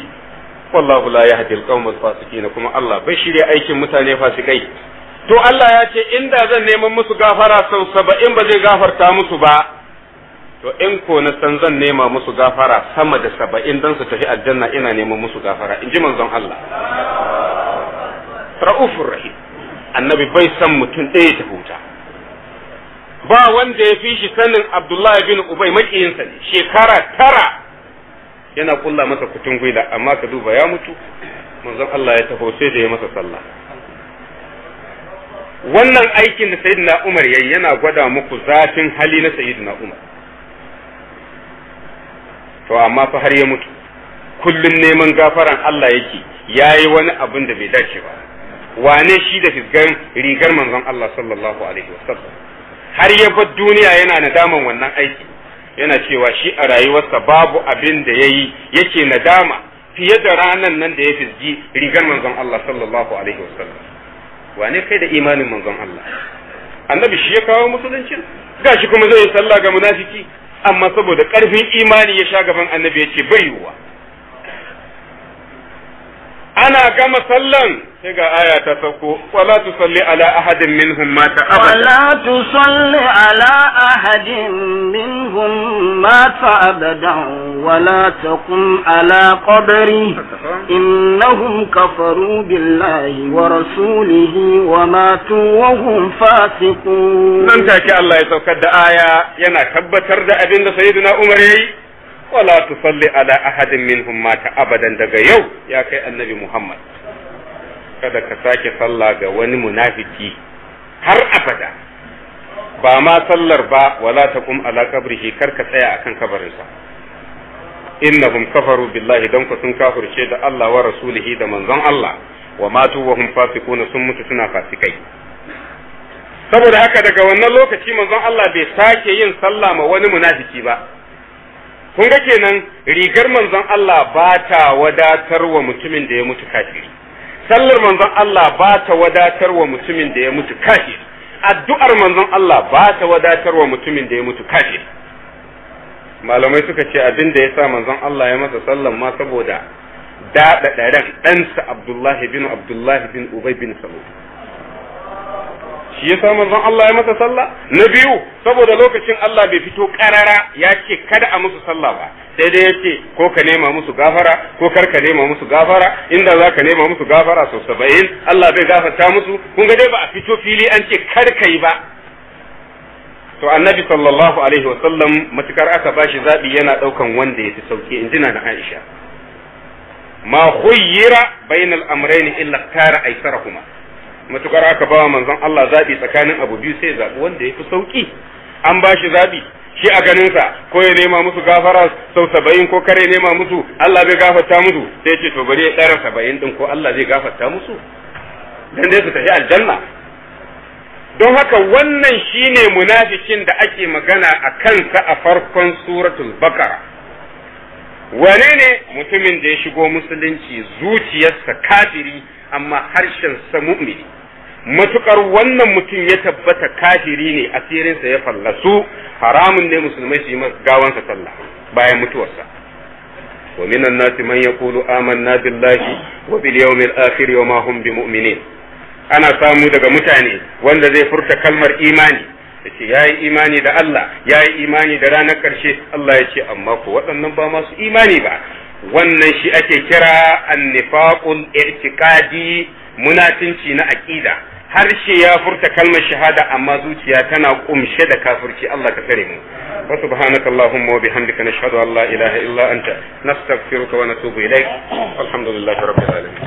wallahu la yahdi alqawmal fasiqina kuma Allah bai shirya aikin mutane fasikai to Allah ya ce inda zan neman musu gafara sau saba'in ba zai gafarta musu ba to in ko na san zan nema musu gafara sama da saba'in dan su tafi aljanna ina neman musu gafara in ji manzon Allah ra'ufur rahim annabi bai san mutum ɗaya ta huta ba wanda ya fi shi sanin Abdullahi bin Ubay makiyinsa ne shekara tara yana kulla masa kutun gwila amma ka duba ya mutu manzon Allah ya taho sai da ya masa sallah wannan aikin da sayyidina Umar yayi yana gwada muku zafin hali na sayyidina Umar to amma fa har ya mutu kullum neman gafaran Allah yake yayi wani abin da bai dace ba wane shi da fisgan rigar manzon Allah sallallahu alaihi wasallam har ya bar duniya yana nadaman wannan aiki yana cewa shi a rayuwarsa babu abin da ya yi yake nadama fiye da ranan nan da ya fizgi rigar manzon Allah sallallahu alaihi wasallam wane kai da imanin manzon Allah annabi shi ya kawo musulunci gashi kuma zai yi sallah ga munafiki amma saboda karfin imani ya sha gaban annabi ya ce bai yiwuwa ana gama sallan sai ga aya ta sauko wala salli ala ahadin minhum mata abada wala salli ala ahadin minhum mata abada wala taqum ala qabri innahum kafaru billahi wa rasulihi wa matu wa hum fasiqun nan take Allah ya saukar da aya yana tabbatar da abin da sayyidina Umar yayi wala tusalli ala ahadin minhum ta abadan daga yau ya kai annabi Muhammad kada ka sake sallah ga wani munafiki har abada ba ma sallar ba wala ta kum ala kabrihi kar ka tsaya akan kabarinsa innahum kafaru billahi dan ku sun kafirce da Allah wa rasulihi da manzon Allah wa matu wa hum fasiquna sun mutu suna fasikai saboda haka daga wannan lokaci manzon Allah bai sake yin sallah ma wani munafiki ba kun ga kenan rigar manzon Allah ba ta wadatar mutumin da ya mutu kafiri sallar manzon Allah ba ta wadatar wa mutumin da ya mutu kafiri addu'ar manzon Allah ba ta wadatar mutumin da ya mutu kafiri malamai suka ce abin da ya sa manzon Allah ya masa sallan ma saboda daɗa ɗaren ɗansa Abdullahi bin Abdullahi bin Ubay bin Salul shi yasa manzon Allah ya masa sallah na biyu saboda lokacin Allah bai fito karara ya ce kada a musu sallah ba sai dai yace ko ka nema musu gafara ko kar ka nema musu gafara inda za ka nema musu gafara sau saba'in Allah bai gafarta musu kun ga dai ba a fito fili an ce kar ka yi ba to annabi sallallahu alaihi wasallam matukar aka bashi zabi yana daukan wanda ya fi sauki in na Aisha ma khuyyira bainal amrayni illa tara aisarahuma matukar aka ba manzon Allah zabi tsakanin abu biyu sai zabi wanda yafi sauki an ba shi zabi shi a ganinsa ko ya nema musu gafara sau saba'in ko kare nema musu Allah bai gafarta musu sai ce to bari ya ɗara saba'in ɗin ko Allah zai gafarta musu dan dai su tafi aljanna don haka wannan shine munafikin da ake magana a kansa a farkon suratul baqara wane ne mutumin da ya shigo musulunci zuciyarsa kafiri amma harshen sa mu'mini matuƙar wannan mutum ya tabbata kafiri ne asirinsa ya fallasu haramun ne musulmai su yi gawansa sallah bayan mutuwarsa ومن الناس من يقول آمنا بالله وباليوم الآخر وما هم بمؤمنين أنا سامو daga mutane wanda zai furta kalmar imani yace yayi imani da Allah yayi imani da ranar karshe Allah ya ce amma ko waɗannan ba masu imani ba wannan shi ake kira annifaqul i'tiqadi munafinci na aqida harshe ya furta kalmar shahada amma zuciya tana kumshe da kafirci Allah ka tsare mu wa subhanaka allahumma wa bihamdika nashhadu an la ilaha illa anta nastaghfiruka wa natubu ilaik alhamdulillahi rabbil alamin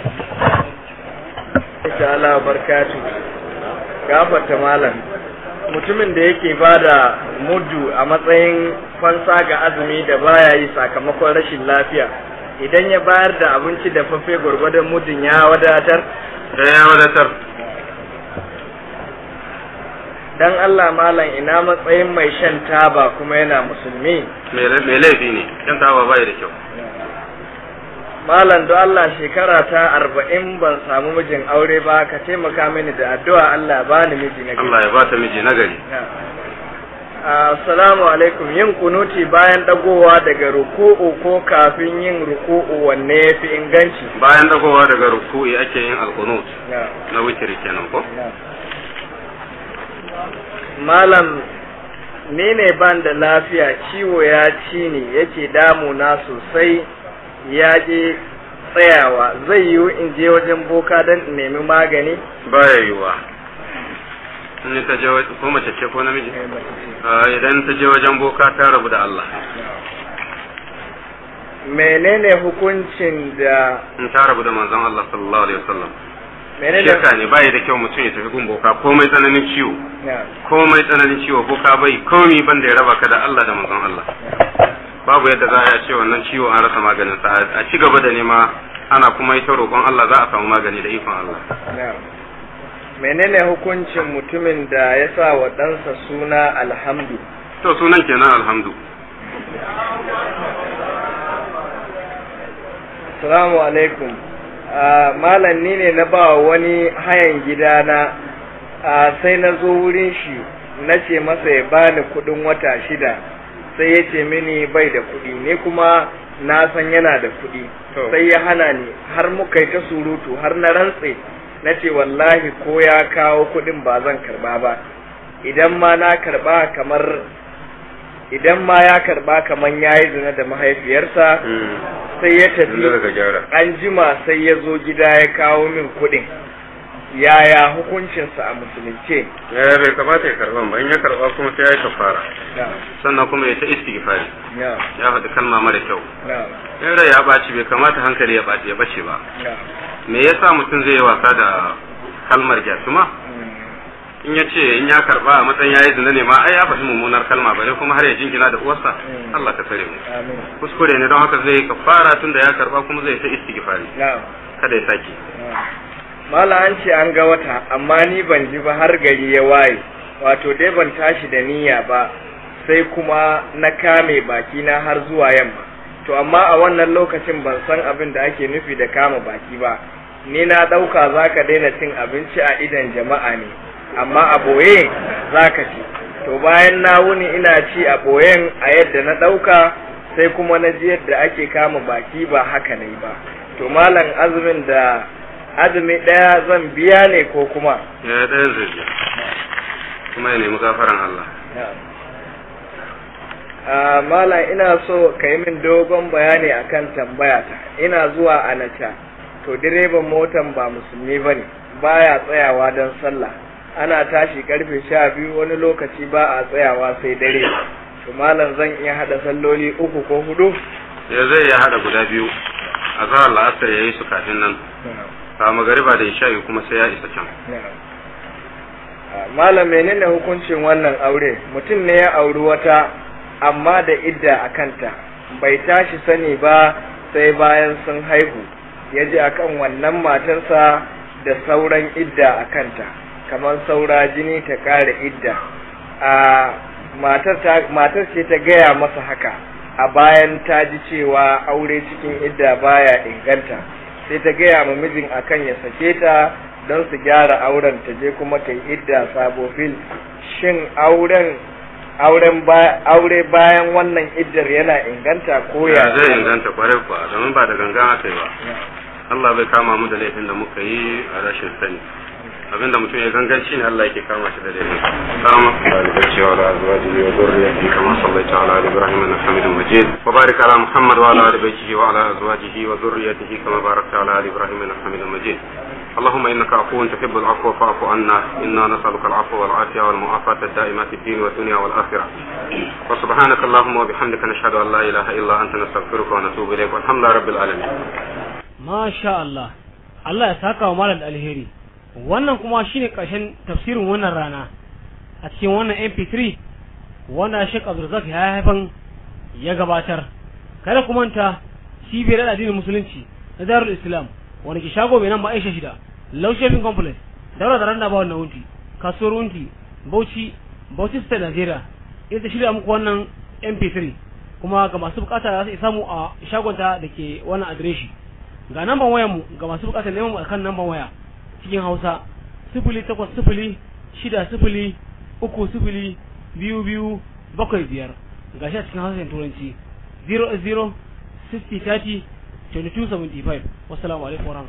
ta'ala barakatuh gafarta malam mutumin da yake ba da mudu a matsayin fansa ga azumi da baya yi sakamakon rashin lafiya idan ya bayar da abinci da fafe gwargwadon mudun ya wadatar da ya wadatar dan Allah malam ina matsayin mai shan taba kuma yana musulmi mai laifi ne shan taba bai da kyau malam do Allah shekara ta arba'in ban samu mijin aure ba ka taimaka mini da addu'a Allah ba ni miji na gari Allah ya bata miji na gari assalamu alaikum yin kunuti bayan dagowa daga ruku'u ko kafin yin ruku'u wanne ya fi inganci bayan dagowa daga ruku'u ake yin alkunut na witiri kenan ko malam ni ne ban da lafiya ciwo ya ci ni yake damuna sosai ya ji tsayawa zai yiwu in je wajen boka don in nemi magani baya yiwuwa yi ta je ko mace ce ko namiji eh, ah, idan ta je wajen boka ta rabu da Allah menene hukuncin da in ta rabu da manzon Allah sallallahu alaihi wasallam Shekara ne bai da kyau mutum ya tafi gun boka komai tsananin ciwo komai tsananin ciwo boka bai komi banda ya raba ka da Allah da manzon Allah babu yadda za a ce wannan ciwo an rasa maganin sa a ci gaba da nema ana kuma yi ta roƙon Allah za a samu magani da ikon Allah menene hukuncin mutumin da ya sa wa ɗansa suna alhamdu to sunan kenan alhamdu assalamu alaikum malam ni ne na ba wani hayan gidana sai na zo wurin shi na ce masa ya bani kudin wata shida sai ya ce mini bai da kuɗi ne kuma na san yana da kuɗi sai ya hana ni har muka yi ta surutu har na rantse na ce wallahi ko ya kawo kuɗin ba zan karba ba idan ma na karba kamar idan ma ya karba kamar ya yi zina da mahaifiyarsa hmm. sai ya tafi an jima sai ya zo gida ya kawo min kuɗin yaya hukuncinsa a musulunce ya bai kamata ya karban ba in ya karba kuma sai ya yi kafara sannan kuma ya ta istighfari ya faɗi kalma mara kyau in rai ya baci bai kamata hankali ya baci ya bace ba me yasa mutum zai yi wasa da kalmar gyatuma mm. in ya ce in ya karba a matsayin yayi zina ne ma ai ya faɗi mummunar kalma bare kuma har ya jingina da uwarsa mm. Allah ka tare mu kuskure ne don haka zai kafara tunda ya karba kuma zai ta istighfari kada ya sake mala an ce an ga wata amma ni ban ji ba har gari ya waye wato dai ban tashi da niyya ba sai kuma na kame baki na har zuwa yamma to amma a wannan lokacin ban san abin da ake nufi da kama baki ba ni na ɗauka zaka daina cin abinci a idan jama'a ne amma a boye za ci to bayan na wuni ina ci a boyen a yadda na ɗauka sai kuma na ji yadda ake kama baki ba haka ne ba to malam azumin da azumi ɗaya zan biya ne ko kuma ya ɗaya zai biya kuma ya nemi gafaran Allah ah, mala, ina so ka yi min dogon bayani akan tambaya ta ina zuwa a nata, to direban motan ba musulmi ba ne baya tsayawa don sallah ana tashi karfe sha biyu wani lokaci ba a tsayawa sai dare to malam zan iya hada salloli uku ko hudu ya zai iya hada guda biyu a zahar la'asar ya yi su kafin nan a magariba da isha'i kuma sai ya isa can malam menene hukuncin wannan aure mutum ne ya auri wata amma da idda a kanta bai tashi sani ba sai bayan sun haihu ya ji a kan wannan matarsa da sauran idda a kanta kamar saura jini ta ƙara idda a matar ce ta gaya masa haka a bayan ta ji cewa aure cikin idda baya inganta sai ta gaya ma mijin akan ya sake ta don su gyara auren ta je kuma ta yi idda sabo fil shin auren auren aure bayan wannan iddar yana inganta ko ya zai inganta kwarai kuwa domin ba da ganga haka ba Allah bai kama mu da laifin da muka yi a rashin sani abin da mutum ya ganganci ne Allah yake kama shi da dai. karama albarci wa azwaji wa dhurriyyati kama sallaita ala ali ibrahim innaka hamidum majid wa barik ala muhammad wa ala ali baitihi wa ala azwajihi wa dhurriyyatihi kama ala ali ibrahim majid اللهم انك عفو تحب العفو فاعف عنا انا نسالك العفو والعافيه والمعافاه الدائمه في الدين والدنيا والاخره وسبحانك اللهم وبحمدك نشهد ان لا اله الا انت نستغفرك ونتوب اليك والحمد لله رب العالمين ما شاء الله الله يسعدك الهيري wannan kuma shine ƙarshen tafsirin wannan rana a cikin wannan mp3 wanda shek zafi ya haifan ya gabatar kada ku ta cibiyar da addinin musulunci na darul islam wani ki shago mai nan ba aisha shida low shopping complex daura da randa ba wannan wunti kasuwar wunti bauchi bauchi state nigeria ita ta shirya muku wannan mp3 kuma ga masu bukata za su isa mu a shagonta da ke wannan adireshi ga namban wayanmu ga masu bukata neman mu akan namban waya cikin hausa sifili takwas sifili shida sifili uku sifili biyu biyu bakwai biyar ga shi cikin hausa turanci 0 0 60 30 22 75 wasu alaikum warahmatullahi